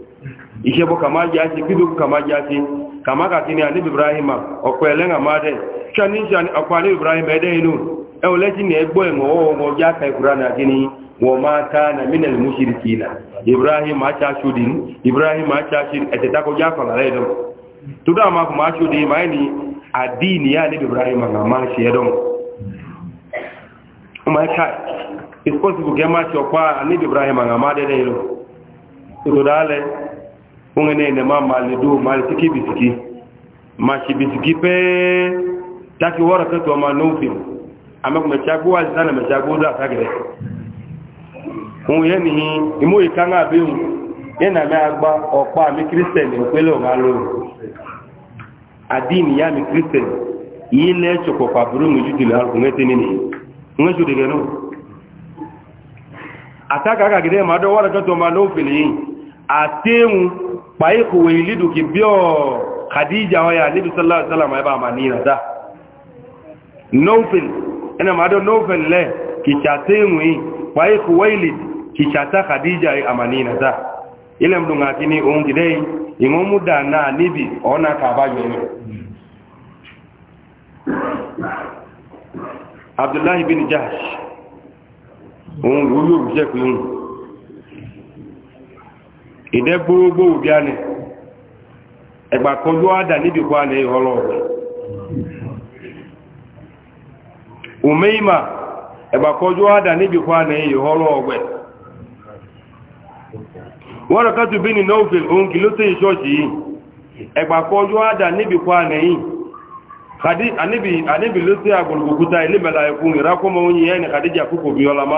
ìṣẹ́bọ́ kàmá jẹ́ àti bídókù kàmá jẹ́ kàmá kàtí ní àníbì ibrahima ọ̀pọ̀ ẹ̀lẹ́nà máa dẹ̀ ṣàní ọ̀pọ̀ àníbì ibrahima ẹ̀dẹ́ inú ẹ̀wọ̀n lẹ́tí ní ẹgbọ́ ẹ̀wọ̀n ọwọ́ ọjọ́ àkà ìkúra náà na mínẹ̀lì múṣìrì kì ibrahima aṣa aṣòdì ibrahima aṣa aṣòdì ẹ̀tẹ̀takọjá àfàlàlẹ́ ẹ̀dọ́ tó dá àmà kùmà aṣòdì máa ní àdíìní yá ibrahima náà máa ṣe ẹ̀dọ́ ọmọ ẹ̀ka ìfọ́sibù kẹ́ ibrahima náà máa dẹ́dẹ́ ẹ̀dọ́ tó dá unga nene mama alidu mali tiki bisiki ma machi bisiki pe taki wara katu wa manufi ama kumechagua sana mechaguza sakire unye ni imu ikanga ya yena me agba opa mi kristen nkwele omalo adini ya mi kristen ile choko kwa buru mjudi la kumete nini ungeshu digeno ataka akagide mado wara katu wa manufi ni atemu bai ku wai lidu ki biyo khadija waya nabi sallallahu alaihi wasallam ba mani na da nofil ina ma do nofil le ki chate ngwi bai ku wailid ki chata khadija ai amani na da ile mdunga kini ongi dai imomu da na nibi ona ka ba yene abdullah bin jahsh on ruyu je ku ìdẹ́ gbogbo òbí ánì ẹgbà kan ló ádà níbi kó ánì ìhọlọ ọ̀rẹ́ òmíìmà ẹgbà kan ló ádà níbi kó ánì ìhọlọ ọ̀gbẹ̀ wọ́n rẹ̀ kátù bí ní norfield ohun kì ló tẹ́ ìṣọ́ọ̀ṣì yìí ẹgbà kan ló ádà níbi kó ánì yìí kàdí àníbi ló tẹ́ àgbòlùgbòkúta ilé mẹ́la ẹkùn ìrákọ́mọ oyin ẹni kàdíjà kúkò bí ọlámá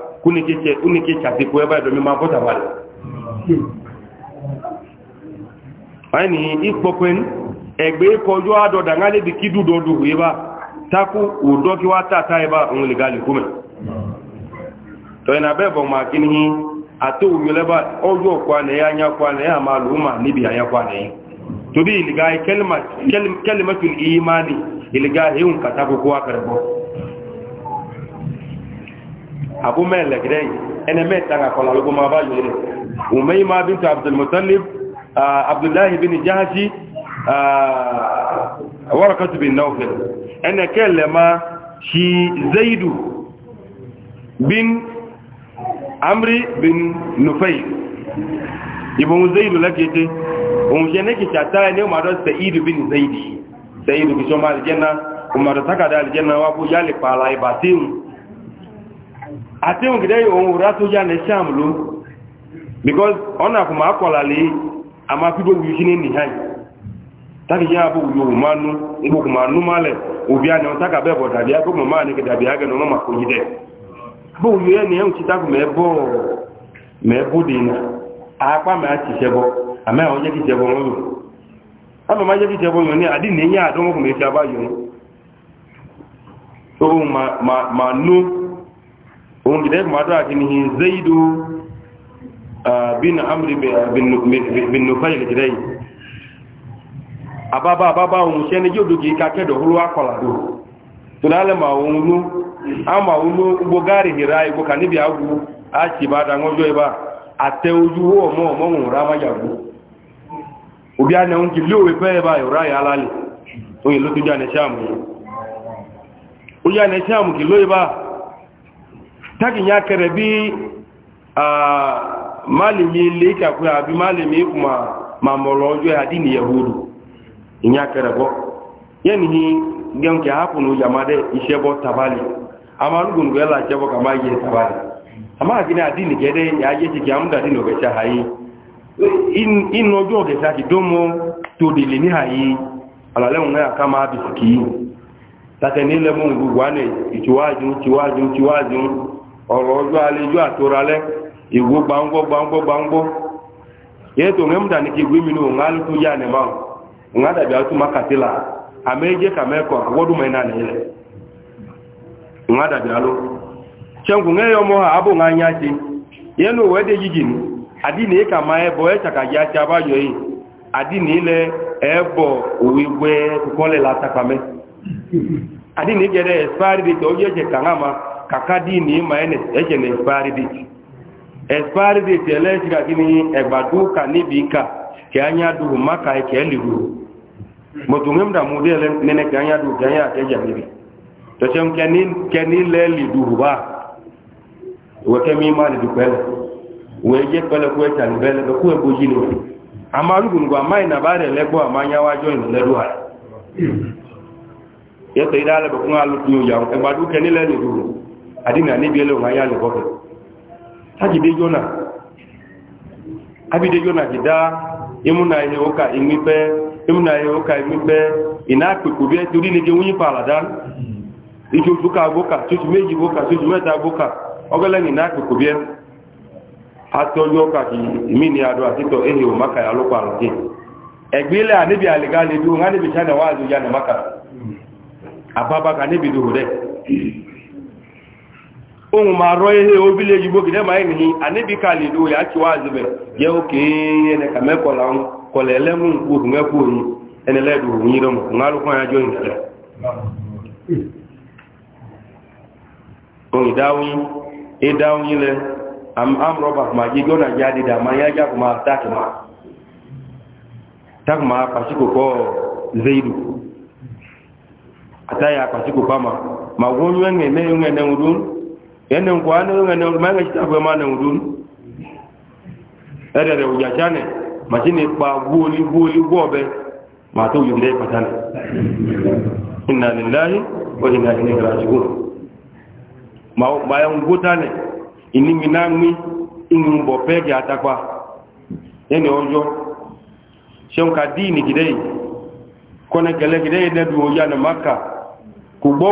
kunikeche kunikecha siku eba do mabota bale ani ikpopen egbe kojo ado dangale bi kidu dodu eba taku udoki wata ta eba ngule gali kume to ina bebo makini kwa ne kwa ne amaluma nibi kwa ne to bi ilga kelma kelma kelmatul imani ilga heun abu mai lagrai ene mai tanga kola lugu ma ba yule umay ma bintu abdul mutallib ah, abdullah ibn jahshi ah, warakatu bin nawfal ene kelle ma shi zaidu bin amri bin nufay ibn zaidu lakete um je nake chata ne ma do sa'id bin zaidi sa'id bi shoma aljanna kuma da takada wa bu yali pala ibatin ati ongide ohun ura to ya ne sham lo because ona kuma akwala le ama fibo wi shine ni hai taki ya bu yo manu ngo kuma nu male obi ani on taka bebo dabi ako mama ni e ma ti sebo ama o je ki sebo ma je adi ma nụ ma òun dìde mọ́tò àkínní zaidu uh, bin amri bin nufai lè dìde yìí ababa ababa òun ṣẹ́ni yóò dùn kì í kakẹ́dọ̀ húrú akọ̀làdò tó lálẹ́ mà òun ló àmà a ló gbogbo gáàrì hìrá ìgbò kà níbi ọmọ ọmọ òun ma má taki ya kere bi a malimi le kakwe abi malimi kuma ma mọ̀rọ̀ ọjọ́ àdínì yahudu ìyá kẹrẹ bọ́ yẹ́ ni gẹ́ǹkẹ́ hapun yamade ìṣẹ́bọ́ tabali a máa lúgbùn gẹ́lá ìṣẹ́bọ́ ka máa tabali a máa dini àdínì gẹ́dẹ́ ayé ti kí àmúdà dínì ọ̀gẹ̀ṣà ayé inú ọjọ́ ọ̀gẹ̀ṣà ti dómọ́ tó dìlì ní ayé alàlẹ́hùn náà ká máa bìsìkì yìí tàtẹ̀ nílẹ̀ mọ́ gbogbo wà ní ọ̀rọ̀ ọjọ́ àlejò àtòralẹ́ ìwó gbangbọ́ gbangbọ́ gbangbọ́ yẹ́ tó ń mẹ́mùdà ní kí gbémi ní òun alùpùpù yà ní máa òun àdàbí àtúmọ̀ kàtílà àmẹ́jẹ́ kàmẹ́kọ̀ àwọ́dúnmọ̀ iná nìyẹn òun àdàbí àlọ́ ṣẹ́nkù ń yọ mọ́ àbò ń anya ṣe yẹ́ ní òwò ẹ́dẹ́ yíjì ní àdínì kà máa ẹbọ ẹ́ ṣàkàyà ṣe abáyọ yìí àdínì ilẹ̀ ẹ̀bọ̀ òwe gbẹ́ kọ́lẹ̀ látàkàmẹ́ àdínì gẹ̀rẹ́ kàkà dìní ma ẹnẹ ẹ̀jẹ̀ ní expiry date expiry date ẹlẹ́ṣin ni ẹgbàdú kà níbi kà kì á nyá dùn má kà kì ẹ́ lè dùn mọ̀tò ń dà mú dé nẹ́nẹ́ kì á nyá dùn kì á nyá àtẹ́jà níbi tọ́sẹ̀ kẹ́ni lẹ́ lè dùn bá wọ́n kẹ́ mi má lè dùn pẹ́lẹ̀ wọ́n ẹ̀jẹ̀ pẹ́lẹ̀ kó ẹ̀jà ní bẹ́lẹ̀ kó ẹ̀ bójú ni wọ́n àmà adina níbi ẹlẹ́wọ̀n ayé alẹ́kọ́fẹ́ tájìdé yọ́nà abídé yọ́nà jìdá imúna ihe ụka imipẹ́ imúna ihe ụka imipẹ́ ìná pẹ̀kù bí ẹtù orílẹ̀-èdè wúnyí pa àlàdá ìṣòṣù ká ka, ṣoṣù méjì gbókà ṣoṣù mẹ́ta gbókà ọgọ́lẹ́ni ìná pẹ̀kù ehe níbi rẹ̀ ohun ma rọ ihe obile yigbo gide ma enihi anibikali do ya chiwa azube ye oke ne ka mekola on kola elemu nkwu mekwu oyi ene ledu oyi rom ngaru kwa ya join kale on dawi e dawi le am am roba ma ji gona jadi da ma ya ja kuma attack ma tak ma pasiko ko zaidu ya pasiko kama ma wonwe ngene ngene ngudun yẹnni nkọ anẹ́rọ ẹni ọdún mẹ́rin ṣíta fún ẹmà nẹ̀wò dún ẹ̀rẹ̀rẹ̀ òjà ṣánẹ̀ màṣínì pa gbóòlì gbóòlì gbóòbẹ màá tó yọ̀ lẹ́yìn pàtàkì iná níláyé ó iná ilé ìrìnàjò màá yẹn gbó tánẹ̀ ìní mi náà mí ìrìn bọ̀ pẹ́ẹ̀gì àtàpá yẹnni ọjọ́ ṣeun ka díìnì gidẹ́ yìí kọ́nẹ̀kẹ́lẹ́ gidẹ́ yìí dẹ́bi òjà nà máka kò gbọ́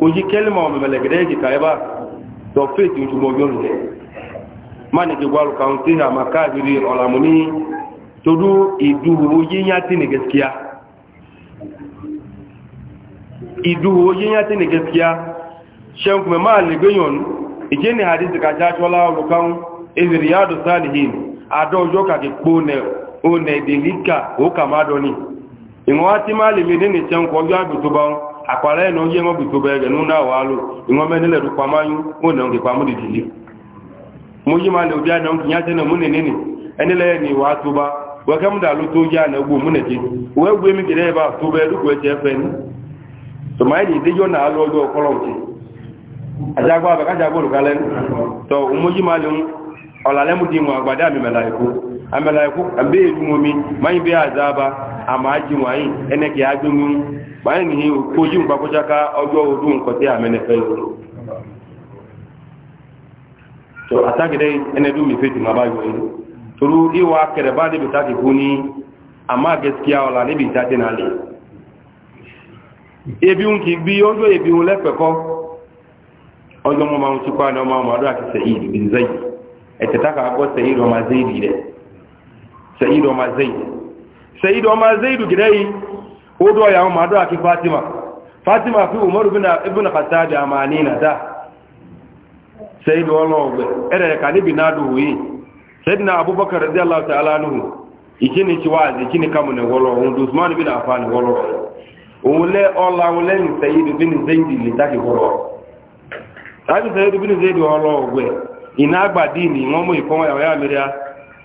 oji kelima omemelegede ki kaiba to faith ntu mo yonde mani ki gwalu kaunti ha makabiri olamuni todu idu oji nyati ne gaskiya idu oji ma le ije ni hadith ka ja chola olukan izriyadu salihin ado ojo ka ki one akpara na onye nwe bikobe ege na ụlọ ahụ alụ nwe ne lere kwamanyụ ụlọ nke kwamụ didili mụji ma na obi anya nke ya na mụ nenene enele ya na iwe atụba weke m da-alụta oji na egwu mụ neje wee gwu emi gere ebe a efe ni na na-alụ oge na dị nwa amalaiku ambe yumomi mai be azaba amaji wai ene ki adumu bai ni koji mba kojaka ojo odu nko te amene fe to ataki dai ene du mi feti maba yo turu iwa kere ba de bitaki kuni amma gaskiya wala ne bi tati na na ma ma do etetaka akose yi sa'id ọmọ zaid sa'id ọmọ zaid gidai ó dọ̀ ya ọmọ adọ́ àti fatima fatima fi ụmụ ibn bi na da sa'id ọlọ́ọ̀gbẹ̀ ka níbi na dùn yìí sa'id na abubakar radiyallahu ta'ala nuhu ìkíni ti wáàzì ni wọlọ ohun usman bin afan wọlọ òun lẹ ọlá òun lẹ́yìn sa'id bin zaid bin zaid ni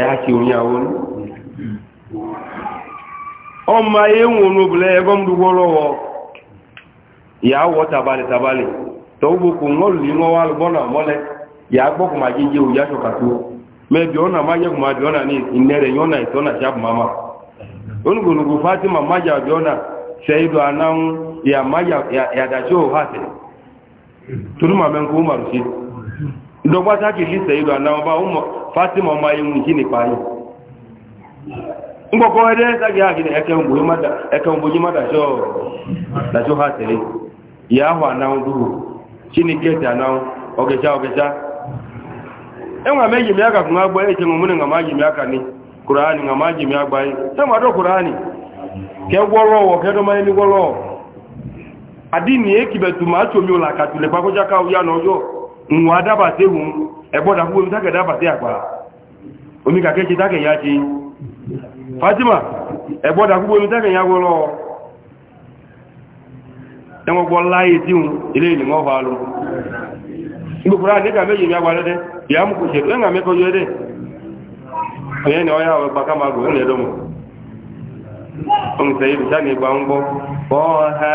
ẹ̀hàkì òun yàwó ní ọmọ ehun onóbìnrin ẹgbọ́n dúgbọ́ lọ́wọ́ ìyàwó tàbálẹ̀ tàbálẹ̀ tọ́gbókò mọ́lùlí wọ́n wá lọ́nà mọ́lẹ̀ ìyàgbọ́kùnmà jíjẹ òyàṣọ́kàtó mẹ́bí ọ́nà máyẹ́kùnmà bí ọ́nà ní ìnẹ́rẹ̀ yọ́nà ìtọ́nà sábùmámà onígbònúgbò fátímà májà bí ọ́nà sẹ́yìdọ̀ fatima ọmọ ewu yìí nípa yìí ngbọ̀kọ́ ẹ̀dẹ́ ẹ̀sàgì àgìdẹ̀ ẹkẹ̀wògbòjí mọ́dàjọ́ ha tẹ̀lé ìyá ahù ànáhùn dúró chinikẹ́tì ànáhùn ọgẹ̀ṣá ọgẹ̀ṣá ẹwà méjì mi aka fún agbọ́ ẹ̀ṣẹ̀ mọ̀múnì mi aka ní kùránì ngàmá jì mi agbá yìí nwa adabata egwu ẹgbọ́dà fún omi tákẹ̀ dábàtí àpá omi kàkẹ́ ṣe tákẹ̀ ya ṣe fatima ẹgbọ́dà fún omi tákẹ̀ ya gbọ́lọ́ ẹwọ́n gbọ́ láyé tí hun ilé ìlú wọ́n fàálù gbogbo nígbà méjì ní agbà lẹ́dẹ́ ìyá mú kò ṣe ọya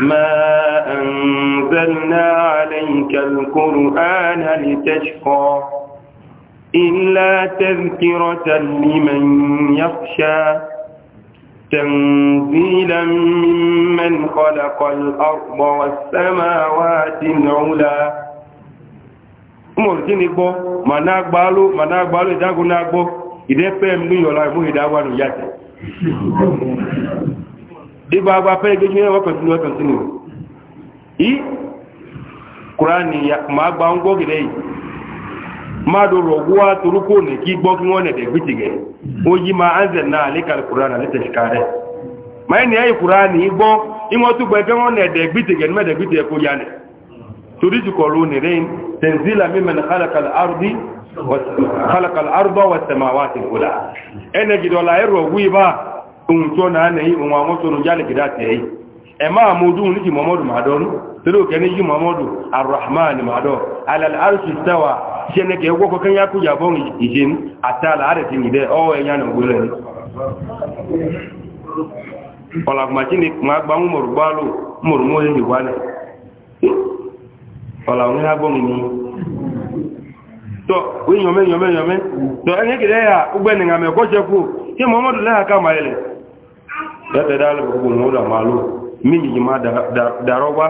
ما أنزلنا عليك القرآن لتشقى إلا تذكرة لمن يخشى تنزيلا ممن خلق الأرض والسماوات العلا mọ̀rùkíní gbọ́ ma náà gbálò ma náà gbálò ìdágún náà gbọ́ ìdẹ́pẹ́ mú yọ̀lá ìmú ìdáwà nù yàtẹ̀ diba ba fere ge ne wa continue continue i qur'ani ya ma gba ngo gele ma do rogwa turuko ne ki gbo ki won ne de gbitige o yi ma anzalna alikal qur'ana litashkare ma ni ayi qur'ani gbo imo tu gbe ke won ne de gbitige ne de gbitige al-ardi خلق الأرض والسماوات الأولى. أنا جدولا يروي ohun tí ó náà nẹ̀yìn ohun àwọn tó nù jáde kìdá tẹ̀ yìí ẹ máa mú dúhun níjì mọ́mọ́dù màdọ́nù torí òkè níjì mọ́mọ́dù arrahman màdọ́ alal arṣi sẹ́wà ṣẹ́nẹ̀kẹ́ ẹgbọ́kọ́ kẹ́yà kú yàbọ̀ ìṣe yọmẹ́ yọmẹ́ yọmẹ́ tọ́ yà nìyàmẹ́ kọ́ kí yata da alibu hukun mula malu min yi ma da roba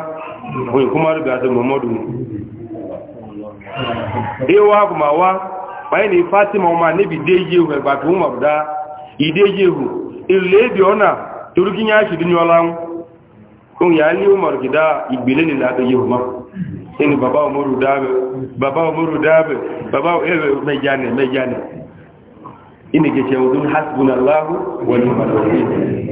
wani kuma riga da mamadu ewa kuma wa wani ne fatima ma ne bi deji ehu ẹgba tó ma da ideji ehu ilé ebi ọna turkin ya ṣe dínú ọlá ohun ya ní umar gida ìgbélé ni láti yíò ma inú bàbá umaru dábẹ̀ bàbá umaru dábẹ̀ bàbá ẹ̀rẹ̀ mẹjanẹ̀ Ini inú gẹ̀ṣẹ̀ ọdún hasbunallahu wani mọ̀lọ́wọ́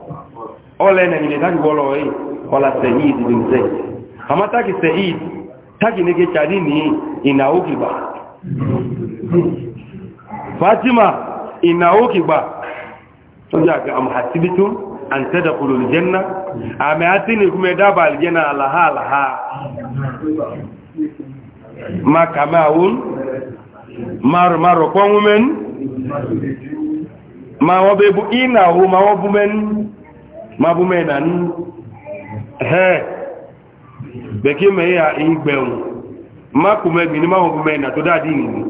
ọlẹ́ ẹ̀nà ìlẹ̀ tàbí wọ́lọ̀ ẹ̀ ọlá sẹ̀yìd ní ṣe àmá tàbí sẹ̀yìd tàbí ní kẹta ní ní ìnáwó kìgbà fatima ìnáwó kìgbà tó jẹ́ àgbà àmà àtibítú àti tẹ́dà kúrò lè jẹ́nà àmì àti ní kúmẹ̀ dábà lè àlàhà ma wọ́n bẹ́ bú ìnáwó ma wọ́n bú mẹ́ni ma bú mẹ́ẹ̀nà ní ẹ̀ gbẹ̀kí mẹ́yà ìgbẹ̀hùn má kù mẹ́gbì ní máwọn bú mẹ́ẹ̀nà tó dáadí nìyí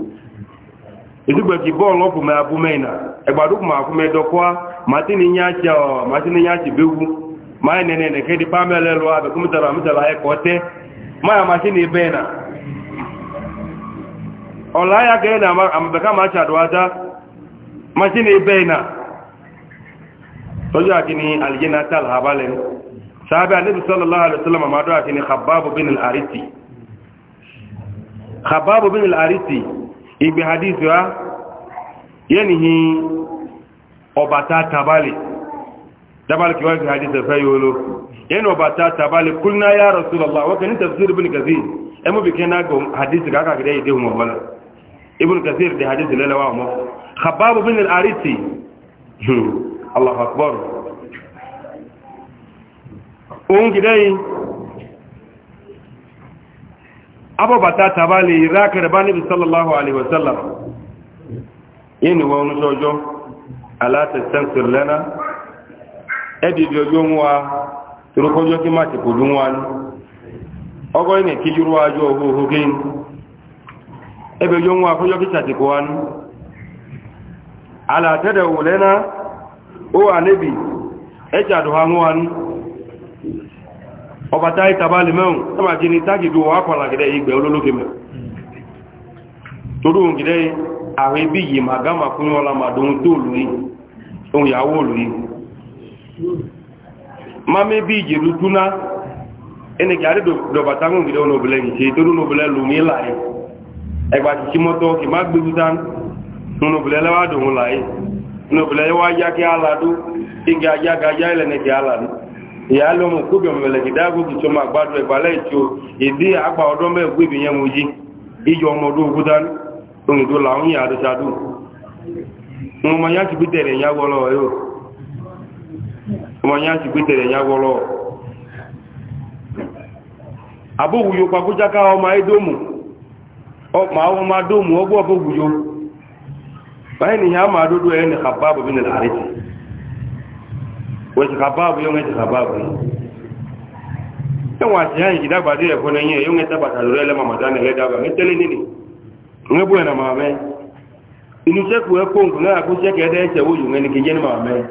ìdúgbẹ̀kí bọ́ọ̀lù ọ̀pù mẹ́ abú mẹ́ẹ̀nà ẹgbàdókù máa fún mẹ́ẹ̀dọ́kọ́á máa tí ní yá ti béwu máa ń nẹ́nẹ́ nẹ́kẹ́ di pámẹ́lẹ́ lọ abẹ́kú mítàlá mítàlá ẹ̀kọ́ tẹ́ máa máa tí ní bẹ́ẹ̀nà ọ̀lá lọ́jọ́ àkíní alìyénátà alhabalẹ̀ sáábẹ́ alẹ́bí sọ́lọ́lọ́wọ́ alẹ́sọ́lọ́mà máa dọ́ àkíní khababu bin al-ariti khababu bin al-ariti igbe hadith wa yẹ́nìí ọbàtà tabalẹ̀ tabalẹ̀ kí wọ́n fi hadith ẹ̀fẹ́ yóò lọ yẹ́nì ọbàtà tabalẹ̀ kúlná yá rọ̀sọ́lọ́lọ́ wọ́n kẹ́ni tafsir bin kazeer ẹmú bí kẹ́ni àgọ́ hadith kàkàkiri ìdí wọn mọ́lá ibn kazeer di hadith lẹ́lẹ́wà wọn khababu bin al Allahu akbar ohun gidai abubata tabali raka da banibi sallallahu alaihi wasallam yini wa wani sojo alatattan sirlana ẹdìdì ojú wa turukọjọ́ kí máa ti kò dún wa ní ọgọ́ ìnà kí yúrú ajọ́ ohun kí wa nebi níbi ẹjà àdùhà wọn tabali ọba táyé tàbálì mẹ́rùn tàbà jí ní tágìdò wà pàlà gẹ̀dẹ̀ ìgbẹ̀ olólógé mẹ́ torú òun gẹ̀dẹ̀ àwọn ibi yìí ma gáma fún ọlá ma dùn tó lù ohun ìyàwó lù yìí ma mẹ́ bí ìjì lùtúná ẹni kí àdé dọ̀bà tágùn gẹ̀dẹ̀ onóbìlẹ̀ ìṣe torú onóbìlẹ̀ lù ní láyé ẹgbà mọ́tọ́ kì má gbé nobile iwa jaki aladu igi ajaka aja ile neki aladu ìyá ló mú kúbi ọmọlẹ̀ ìdágógì tó máa gbádùn ìgbàlẹ̀ ìtò ìdí àgbà ọdọ́ mẹ́gbé ìbí yẹn mú yí ìjọ ọmọ ọdún ogúdá ohun tó làwọn yà àdúsádù wọn ọmọ yá ti ti ma bayani ya ma dodo ya ne khababu bin al-arisi wai khababu yau ne khababu yan wasi ya gida ba dai ko nan yau ya tabata lura na mama inu se ku e ko na ku se ke de se wo ne ni mama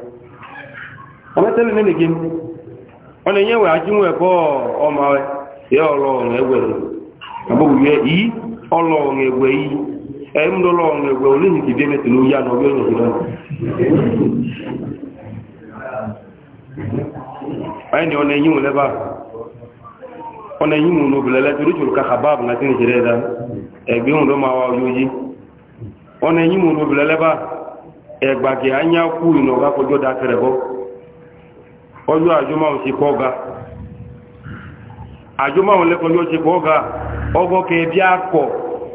ama tele ni ni gin ona yewe ajinwe e ko o ne yi ne ẹ̀rí ń dọ́lọ́ ọ̀rùn ẹ̀gbẹ̀ olóyìn kìí dẹ́mẹ̀ yá lọ yóò yìí lọ́nà ẹni ọ̀nà ẹ̀yìn wọn lẹ́bà ọ̀nà ẹ̀yìn wọn lóbìlẹ̀ lẹ́tọ́ oríṣìí ká kàbáàbù láti ní ìṣẹ̀lẹ̀ ẹ̀dá ẹ̀gbẹ́ wọn ló máa ọjọ́ yìí ọ̀nà ẹ̀yìn wọn lóbìlẹ̀ lẹ́bà ẹ̀gbàgì ányá kú kọjọ́ da bọ́ ọjọ́ àjọmáwọn ti ebi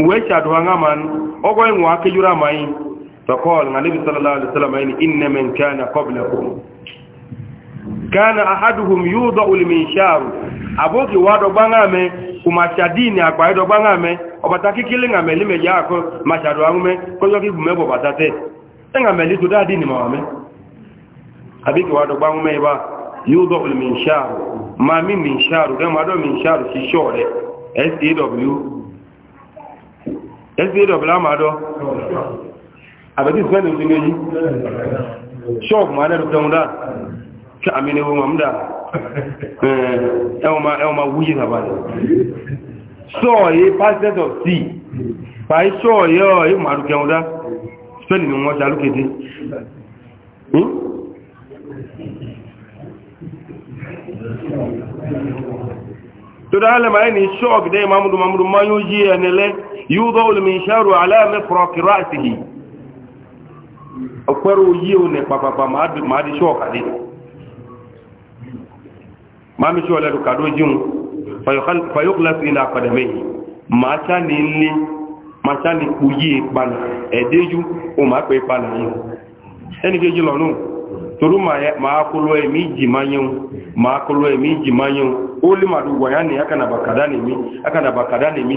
ngwe chaduwa nga man ogo ngwe ake yura mai فقال النبي صلى الله na وسلم إن من كان قبلكم كان أحدهم يوضع المنشار aboki wado bangame kumashadini akwaedo bangame obataki kile ngame lime yako mashado angume abiki wado ma min minshar kama do minshar si shore ẹgbẹ́ ọ̀bẹ̀lá máa dọ́ àbẹ̀tí ìsìnkú ẹ̀lẹ́gbẹ̀ méjì ṣọ́ọ̀kù máa nẹ́rù tẹ́hùn dáa kí àmì ni wọ́n mọ̀ dáa ẹwọ́n máa wúyé sàbàlẹ̀ ṣọ́ọ̀yé pásítẹ́t of sea pàí ṣọ́ọ̀yé ọ̀yé màrù kẹhùn dáa spẹ́ni ni wọ́n ṣàlùkéde hmm? tó dáa lẹ́màá ẹni ṣọ́ọ̀kì dẹ́ mamudu mamudu máa yóò yí ẹni lẹ́ يوضع المنشار على مفرق رأسه أكبروا يوني بابا بابا ما أدري ما أدري شو قديم ما مشوا له كادو جون فيخل فيخلص إلى قدميه ما كان اللي ما كان يجي بنا أديجو وما كوي بنا يو ẹni kejì lọ́nù torú máa kóló ẹ̀mí ìjìmáyẹun máa kóló ẹ̀mí ìjìmáyẹun ó lè màdùgbọ̀ yá ni akànàbàkàdá nìmí akànàbàkàdá nìmí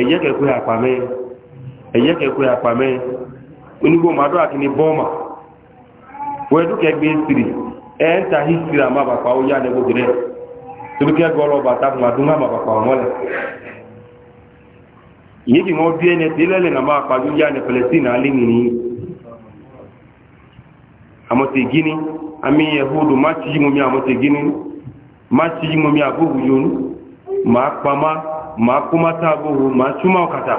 ẹ̀yẹ́ kẹ̀kọ́ àpàmẹ́ ẹ̀yẹ́ kẹ̀kọ́ àpàmẹ́ onígbò màdó àkíní bọ́ọ̀mà wẹ́dúkẹ́ gbé sírì ẹ̀ẹ́ta hìsírì àmàbàpà ó yá lẹ́gbogbo rẹ̀ torúkẹ́ gọ́ọ̀lọ́ bàtà fún àdúgbò àmàbàpà ọmọlẹ̀ ìyẹ́ kí wọ́n bí ẹni tí lẹ́lẹ̀ náà máa pàdé yá ní palestine alẹ́ nìyí àmọ́tẹ̀ gíní àmì ẹ̀hódò má ti yí mú mi àmọ́tẹ̀ ma kuma tabuhu ma cuma kata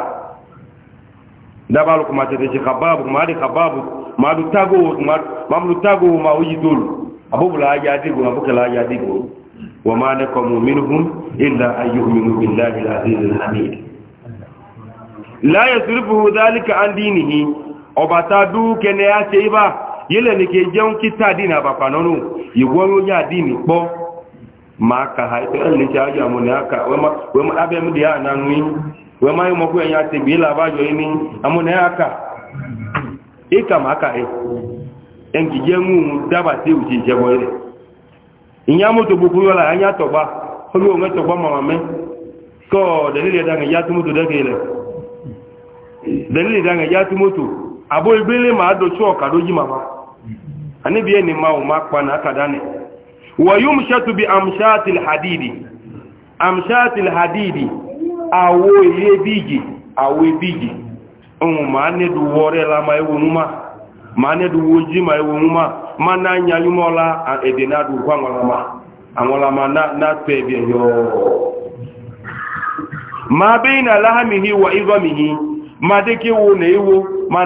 dabalu kuma tete ci kababu, ma di khababu ma du tago ma mamlu tago ma uji dul abubu la ya digo abuka la ya digo wa ma nakum minhum illa an minu billahi al-aziz al-hamid la yasrifuhu dhalika an dinihi obata du kene ya ce iba yele ni ke jeun kita dina ba panonu igwo yo ya dini po maka ka ha ite ele ti aja mo ni aka we ma we ma abe mu dia na nwi we ma yo mo ku enya ti bi la ba yo ni amu ni aka ika ma e en ki je mu daba ti u je bo ire inya mo to buku yo anya to gba o mi o me to gba mama me ko de da nga ya tu mo to de ke ile da nga ya tu mo to abo ibele ma do chu o ka do ji mama ani bi eni ma o ma pa na aka dane wọ̀yúmṣẹ́tù bí amṣátil hadidi amṣátil hadidi àwọ ilé bíjì àwọ bíjì ohun ma nẹ́dù ma ewu ma ma ma na nyanyúmọ́lá èdè náà dùn ma na ewo ma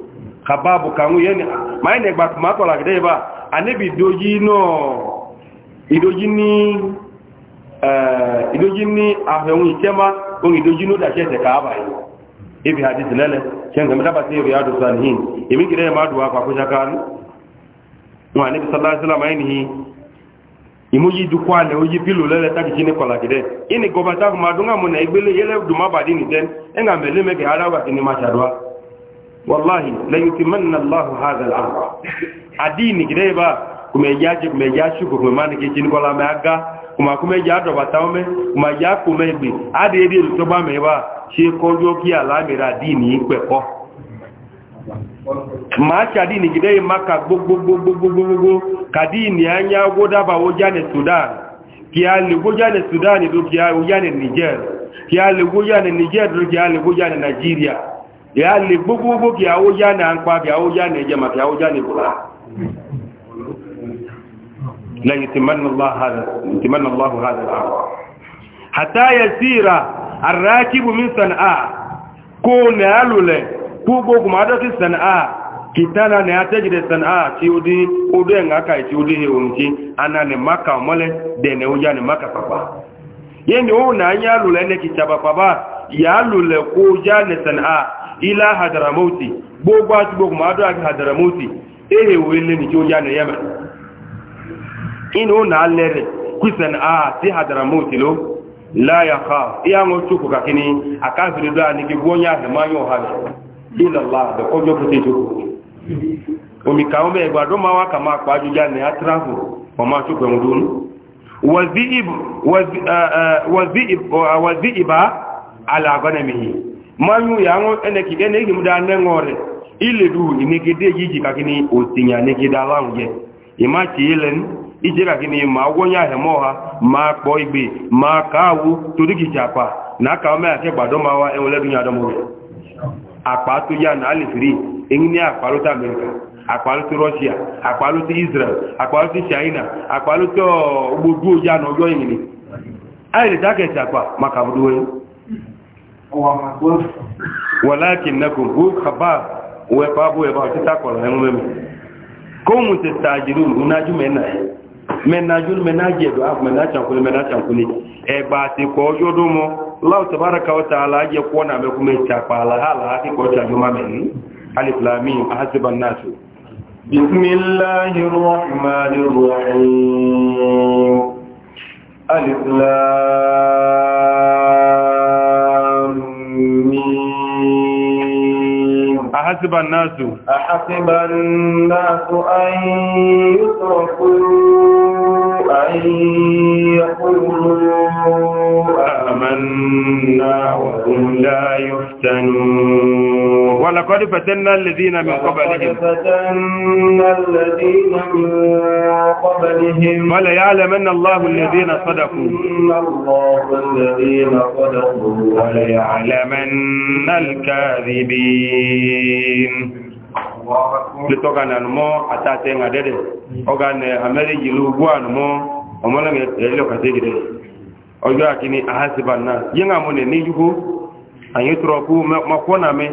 kababu kangu yeni mai ne gba ma to la gede ba anebi doji no idoji ni eh idoji ni ahun itema on idoji no da se te ka ba yi ibi hadith lele chen ba se riyadu salihin imi gide kwa ko shaka wa anebi sallallahu alaihi wasallam ainihi imuji du kwa oji pilu lele ta ki ni kola gede ini go yele du ma enga mele me ni ma wallahi la yutimanna allah hadha al-amr adini gideba kumejaje kumejashi kumemani kijini kwa lameaga kuma kumeja ado bataume kuma ya kumegbi ade ede lutoba meba shi konjo kia lamira dini ikwepo maacha dini gidei maka gbogbogbogbogbogbogbo kadini anya godaba wojane sudan kia legojane sudan do kia wojane niger kia legojane niger do kia legojane nigeria ya le gbogbogbò kí a ó yá ní àpá kí a ó yá ní ẹjẹmà kí a ó yá ní ìbúra lẹ́yìn tìmọ́nà allahu hajjá àwọn àtàyẹ sí ìrà àrákìbù min sana'a kó ní alùlẹ̀ gbogbogbò ma dọ́ sí sana'a kìtánà ní atẹ́jìdẹ̀ sana'a tí ó dé odó ẹ̀ ńkà tí ó dé ohun tí a na ní maka mọ́lẹ̀ dẹ̀ ní ó yá ní maka pàpà yẹ́ ni ó nà á yá alùlẹ̀ ní kìtàbà pàpà yà alùlẹ̀ kó yá ní sana'a ila hadaramoti gbogbo àti gbogbo ma hadaramoti ehe wo ilé nìkí ó yá ní yẹmẹ inú ó nàá lẹ́rẹ̀ kùsẹ̀n a sí hadaramoti ló láyà ká ìyá wọn tókù kàkíní àkáàfin dọ́ ni kí wọ́n yá àdàmá yóò hà mí ìlàlá àbẹ̀kọ́jọ́ kó tètè kù omi kàwọn bẹ́ẹ̀ gbàdọ́ máa wá kà máa pàájú já ní átírafù ọmọ àtúkọ̀ ẹ̀hùn dúnú wàzí ìbá alàgọ́nẹ̀mìyàn mayu yango ene ki ene ki muda ne ngore ile du imegede yiji kakini otinya ne kida lawje ima ti ilen ije kakini ma wonya hemoha ma po ma kawu toriki japa na ka me ake gbado ma wa enwele dunya do mo apa to ya na le firi enni apa lo ta america apa lo ti russia apa lo ti israel apa lo ti china apa lo to gbogbo ya na ojo yin ni ai le ta ke japa makabudu walakin nakum hu khabab we babu we ba ta ko ne mu mu ko mu ta tajirun unaju men na men na men na je do na chan na chan ni e ba ti ko mo allah tabaaraka wa ta'ala je ko na me ku me ta pa la hala ti ko ta alif lam mim أحسب الناس أحسب الناس أن يتركوا أن يقولوا آمنا وهم لا يفتنون ولقد فتنا الذين من قبلهم فتنا الذين من قبلهم وليعلمن الله الذين صدقوا الله الذين صدقوا وليعلمن الكاذبين litoka na a atate nga dede oga ne amere jilu gwa numo omola nge ele okate gide ojo akini ahasiba na yenga mone ni yugo anyo troku makona me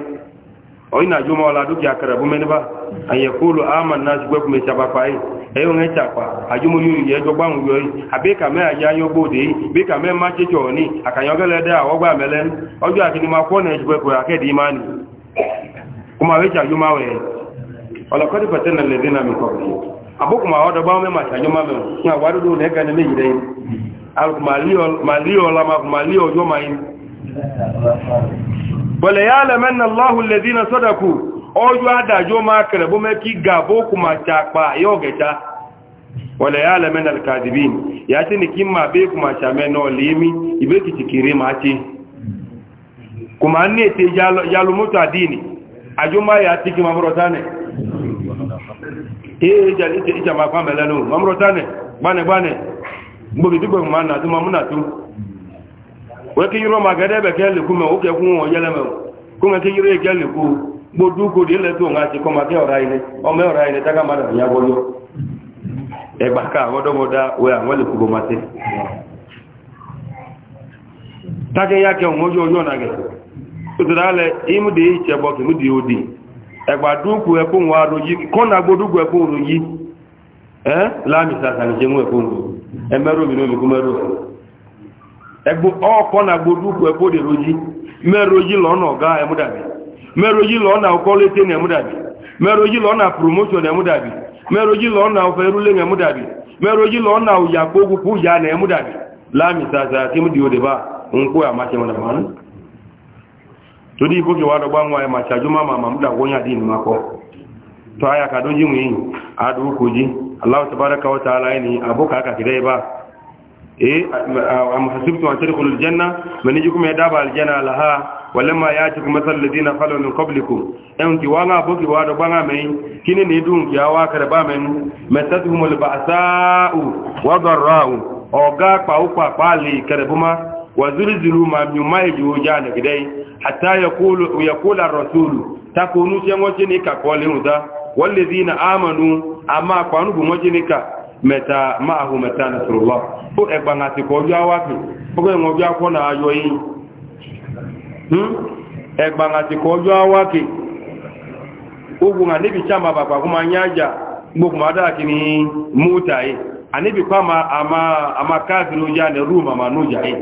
oina juma wala duki akarabu meneba ayekulu amanna sigwe kumechaba pai eyo ngechapa ajumu yuri yejo gbanwu yoyi abeka me aya yogbode beka me machecho ni melen akini imani kuma wai jaju ma waye wala kadi fatan alladhina min qabli abu kuma wada ba mai mata juma mai na wadu do ne kana mai dai al kuma liyo maliyo la ma kuma liyo jo mai wala ya'lamanna allah alladhina sadaku oju ada jo ma karbu mai ki gabo kuma takpa yo geta wala ya'lamanna alkadibin ya tini kimma no limi ibe ki tikire ma ti kuma ajuma ya tiki mamrotane ee ja ite ija ma kwa melelo mamrotane bane bane mbo bidigbo mana tu mamuna tu we ki yuro magade be kele kuma o ke kun o yele me kuma ki yuro kele ku gbo du ko de le taka mara ya e gba ka wodo moda we awon le ku go mate ge dụrụ alẹ ịmụ dị iche gbọ ka ịmụ dị ụdị ẹgbà dúkù ẹkùn wà rojí kọ́nà na ẹkùn rojí ẹ́ láàmìsà àtàlìṣẹ́ mú ẹkùn ẹmẹ́rò mi lómi kú mẹ́rò ẹgbò ọkọ́nà gbódúkù ẹkùn dè rojí mẹ́rọjí lọ́nà ọ̀gá ẹmúdàbí mẹ́rọjí lọ́nà ọkọ́lété ẹmúdàbí mẹ́rọjí lọ́nà promotion ẹmúdàbí todi iko ke wado bangwa ya machajo mama mamda wonya dini mako to aya ka doji mu adu kuji allah tabaraka wa taala ni aboka aka kidai ba eh am hasibtu an tadkhulul janna man yajikum ya daba al janna laha walamma yatikum mathal ladina khalu min wanga aboki wado kini ne dun ki awa karba men masatuhum al ba'sa'u wa dharra'u oga pa upa pali nyumai juja hatta yaqulu ar-rasulu takunu yangojinika qawliuda walladhina amanu ama kwanu gumojinika meta ma'ahu meta nasrullah o egbanga ti ko ya wa bi o ko ngo ya ko na ayo hmm? e yi hm egbanga ti ko ya wa ki ugu nga chama baba kuma nyaja mbuku mada kini mutai anibi kama ama ama kafiru ya ne ruma manuja yi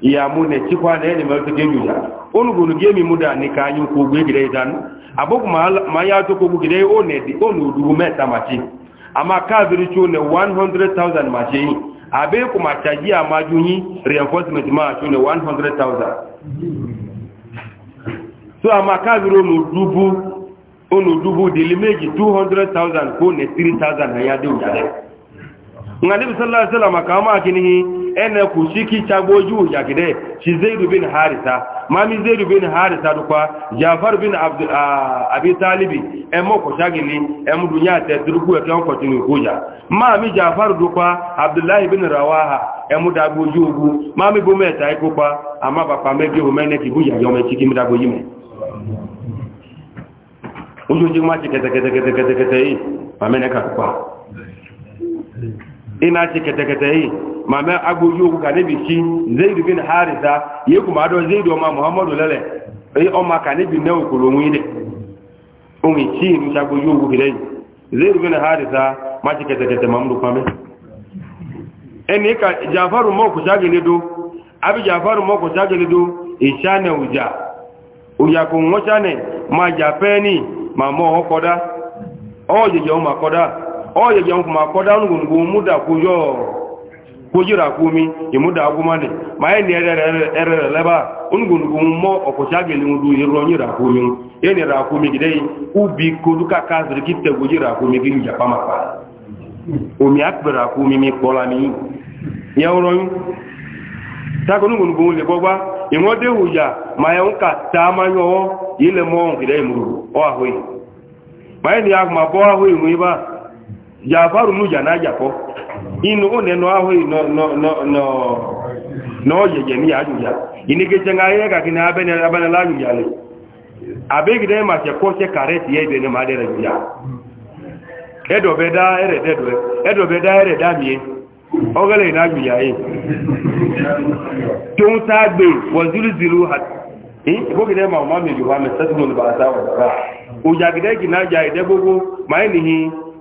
ya mụ na-echekwa na enyi m otu gị ya onugbu gị emi mụ da ka anyị ukwu ogwu egide ịdan abụghị ma anya atụkwu ogwu gide onu udugwu meta machi ama kaabiri chu ne 100,000 machi yi abe ku ma chaji amaju reinforcement ma chu ne 100,000 so ama onu dubu onu dubu 200,000 ko ne 3,000 na dị ngalibi sallallahu alaihi wasallam kama akinihi ene kushiki chagoju yakide shi zaid bin harisa mami zaid bin harisa dukwa jafar bin abd abi talibi emo ko shagili emu dunya te durugu e kan kotinu kuja mami jafar dukwa abdullah bin rawaha emu dagoju ogu mami bo meta ikokwa ama papa mebi o mene ki buja yo me chiki mdagoji me ojoji ma chikete kete kete kete kete yi mameneka kwa Thank you. ina ce kata-kata yi mame agbogi ogun ka níbi zai zaidu na harisa ya kò máa dọ́ zaidu muhammadu lẹ́lẹ̀ èyí ọmọ ka níbi náà òkòrò ohun ilẹ̀ ohun ìkí ìlú sagbogi ogun kìlẹ̀ yìí harisa ma ce kata-kata kwame ẹni ka jafaru abi jafaru ma Ọ jẹun kuma kọ́dá nùgbùngbùn múdà kójọ́ kójìrà kúmi ìmúdà agúmánì ma ẹni ẹrẹrẹ lẹ́bà nùgbùngbùn mọ́ ọ̀pọ̀ṣágẹ̀lẹ̀ ń du ma omi àpẹrẹ kúmi mi kpọ́lá mi ma ẹ̀ ń kà tá a máa yọ ọ ma bọ́ jàfàrù lójà náà jàpọ̀ inú ó nẹnu ahọ́ ìnọ́ọ̀yẹ̀yẹ̀ ní ní abẹ́nilá àjòyà lè àbẹ́gidẹ́ màṣẹ̀kọ́ṣẹ́ kàrẹ́tì ẹ̀dẹ̀ ní màdẹ̀rẹ̀ jùyà ẹ̀dọ̀bẹ̀dá ẹ̀rẹ̀ dámìí ọgẹ́lẹ̀ ìnájòyà yìí tó ń sáàgbè wọ̀zúrúzìrú ìgbókìdẹ́ màá mọ́ ma jù wá mẹ́sẹ́sìn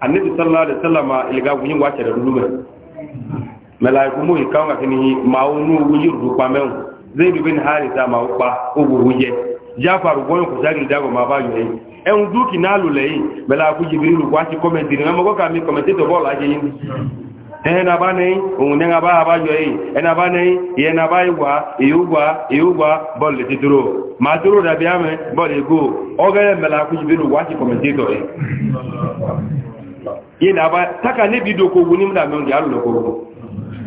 annabi sallallahu alaihi wasallama ilga gunyin wace da dulume malaiku mu kan ga kini maunu wujir du kwamen zaid bin harisa ma kwa ugu wuje jafar gon ku sari dago ma ba yi en duki na lulei malaiku jibril ku wace comment din ma go ka mi comment to bol aje yin eh na ba nei un ne ba ba yo yi eh na ba ye na ba yi wa yi wa yi wa bol le ma duro da biame bol e go o ga malaiku jibril ku wace comment to yé na ba taka ne bi doko wuni mu na mi ndi alu loko wo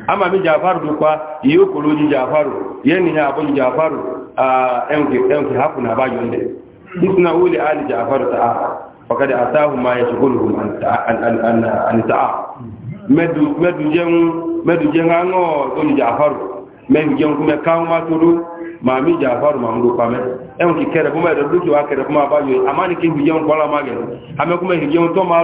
ama mi jafaru do kwa ji jafaru ye ni ya jafaru a enki enki haku na ba yonde isna wuli ali jafaru ta'a faqad atahu ma yashghuluhum an an an an ta'a medu medu jeng medu jeng ango ni jafaru men kuma kan ma ma mi jafaru ma kere do wa kere ba yo amani bi ma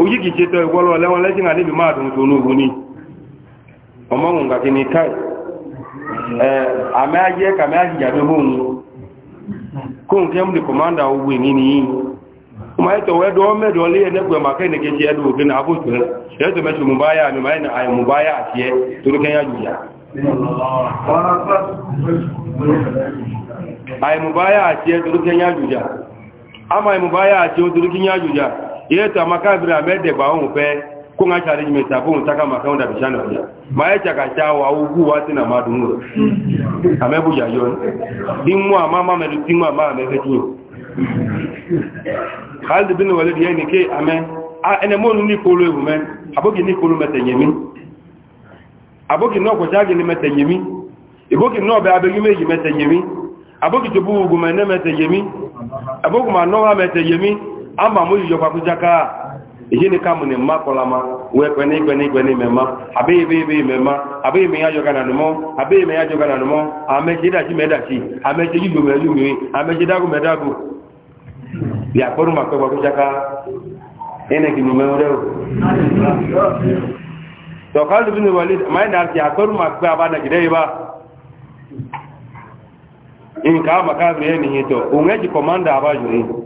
oyi kìí ṣetọ ìwọ́lọ́ ọlẹ́wọ́n lẹ́sìn àníbi máa dùn tó lóògùn ní ọmọ òun kàkí ni káì àmì ayé kàmì àjìjà tó bóun kóun kí ẹmùdì kọmáńdà ogun ìní nìyí ọmọ ẹ̀tọ̀ ẹ̀dọ́ mẹ́jọ lé ẹ̀dẹ́gbẹ̀ẹ́ máa kẹ́ni kejì ẹ̀dù òfin àbòtò rẹ̀ ẹ̀tọ̀ mẹ́sù mùbáyà àmì mùbáyà àti ẹ̀ torí kẹ́yà jùyà àìmùbáyà àti ẹ̀ torí kẹ́yà jùyà yetu amakabiri amedegba onpe kunga chari metapo unataka makaunda bishana ya maecha kachao au huu wati na madungu amebuja yon dimwa mama melutimwa mama amevetu Khalid bin Walid yani ke ame a ene mo ni polo ewu men abogi ni polo metenyemi abogi no ko chagi ni metenyemi ibogi no be abegi meji metenyemi abogi tobu ugu mene metenyemi abogi ma no ha metenyemi ama m ijijọkwa kụjaka ijini ni m na mma kpọla ma wee kwene ikwene ikwene imema abịghị ebe ebe imema abịghị eme ya jọga na nụmọ abịghị eme ya jọga na nụmọ amechi dachi medachi amechi jibu meju mmiri amechi dagụ medagụ bịa kpọrọ ma kpekwa kụjaka ịnegị m mewere tọkalụ bi na walid ma ị na-asị akpọrọ ma kpe aba nagide ya ba nke a maka abịa enyi ya tọ onwe ji kọmanda aba jụrụ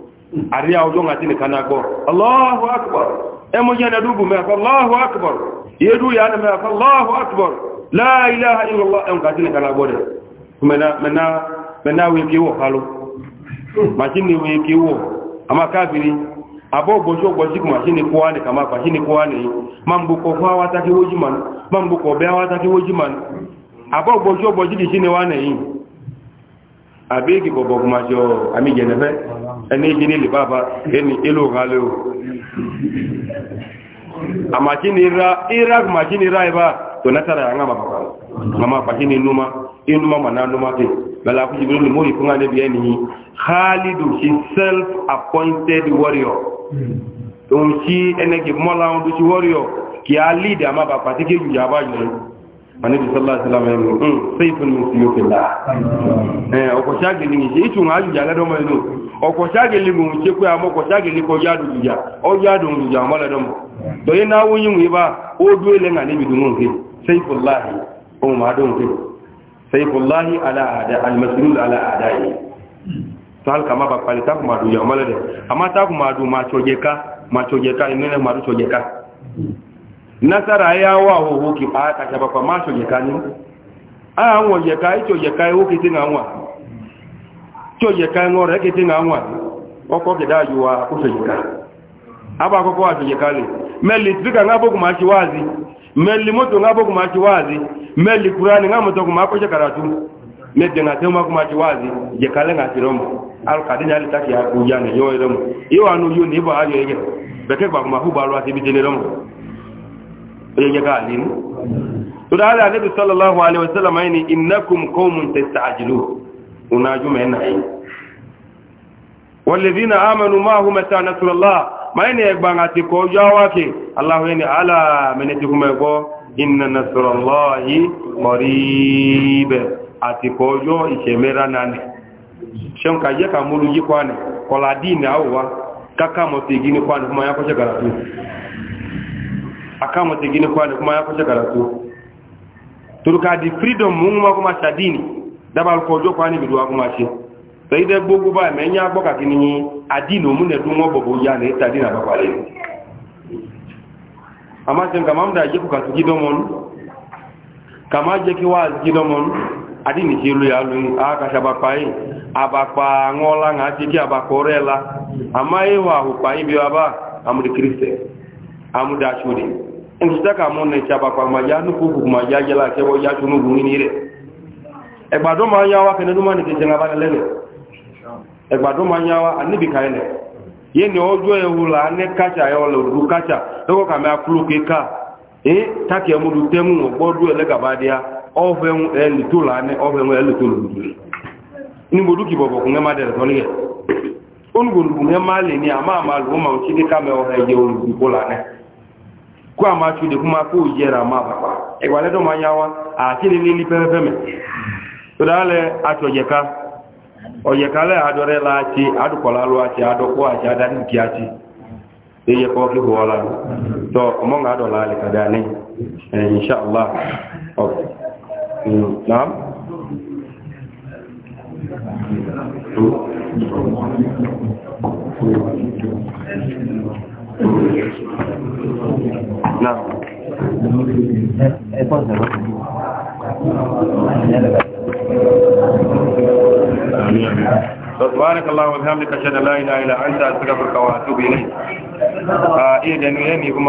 àríyá ọjọ́ àti nìkan agbọ́ aláhù akbar ẹmọ yẹn ẹdúgbù mẹ́fà aláhù akbar yẹdú yà ní mẹ́fà aláhù akbar láìláha ìlọ́lá ẹmọ àti nìkan agbọ́ rẹ̀ mẹ́ná wé kí wọ̀ hálò màṣínì wé kí wọ̀ àmà káàbìrì àbọ̀ gbọ́jú ọgbọ́jú kù màṣínì kọ́wá ní kàmá màṣínì kọ́wá ní máa ń àbí kì bọ̀bọ̀ kò máa jọ àmì ìjẹ̀nẹ̀fẹ́ ẹni ìjì ní ìlèbàbà ẹni ìlò ìhàlẹ̀ o iraq màjí ní ra ibá tó nátàrà àwọn àmàbàbà màmá pàjí ní númá inúmá màná númá pé bẹ̀lá kú jìbìrì mú ìfún ànẹ́bí ẹni khalidu self-appointed warrior òun sí ẹnẹ́gì mọ́lá ọdún warrior kì á lead àmàbà yìí anabi sallallahu alaihi wasallam yanu um hmm, sayfun min suyufillah eh hmm. oko shage ni ngi itu ngaju jala do mayno oko shage li mu che ko amo ko shage li ko yadu duja o yadu duja mala do do ina wunyu mu ba o do le ngani bi ke ma do ma ma nasara ya wa hoho ki pa ka ba pa ma so ye ka ni a won ye ka icho ye ka o kiti nga wa cho ye ka ngo re kiti nga wa o ko ke da ju wa ko so ye ka aba ko ko wa so ye ka le meli tika nga boku ma chi wazi meli moto nga boku ma chi wazi meli qur'ani nga moto ko ma ko je karatu me de nga tema ko ma chi wazi ye ka le nga ti romo al kadina ali taki ya ku ya ne yo romo anu no yo ni e ba ayo ye beke ba ko ma hu ba lo ati bi de romo oye ka alinu to da ala nabi sallallahu alaihi wasallam ayni innakum qaumun tasta'jilu unaju mena yi walladhina amanu ma hum mata nasrullah mayne egbanga ti ko jawake allah yani ala meneti kuma ko inna nasrullahi qarib ati ko akama tegine kwani kuma ya kuce karatu turka di freedom mun ma kuma sadini dabal ko jo kwani bidu kuma shi sai dai gugu ba me nya gboka kini adino mun ne dunwo bobo ya ne tadina ba kwale amma tin kamam da je ku ka domon kama je ki wa ji domon adini shi lu ya lu a ka shaba pai abapa ngola ngati ki abakorela amma e wa hu pai bi amu amudi kriste amudi ashudi nsutaka mu ka tsabakpa ma ya nukuku ma ya yela kɛwɔ ya tunu bu nini rɛ ɛgbadɔ ma nya wa kɛnɛ duma ne kete ŋa ba lɛ ma nya wa ani ka ye ne ɔjɔ yɛ e kacha ne katsa yɛ ɔlɛ ka katsa ɛkɔ kame ke e ee taki dị temu ɔgbɔdu yɛ gaba dia la to ma dɛ lɛ ni ama ama lu ma ŋu tsi de kame ɔvɛ kó a máa tún kuma kó yẹra máa bàbá ẹ̀wà lẹ́dọ̀ máa yá wa àti lílé ní pẹ́pẹ́pẹ́ mẹ́ tó dáálẹ̀ àti ọ̀yẹ̀ká ọ̀yẹ̀ká lẹ́ àdọ́rẹ́ láti àdùkọ̀lá lọ àti àdọ́kọ́ àti àdánìkí àti ẹyẹ kọ́ kí wọ́n la tọ́ ọmọ ń àdọ̀ láàlẹ̀ ní inṣàlá Thank you. نعم سبحانك الله وبحمدك اشهد ان لا اله الا انت استغفرك واتوب اليك آه، إيه،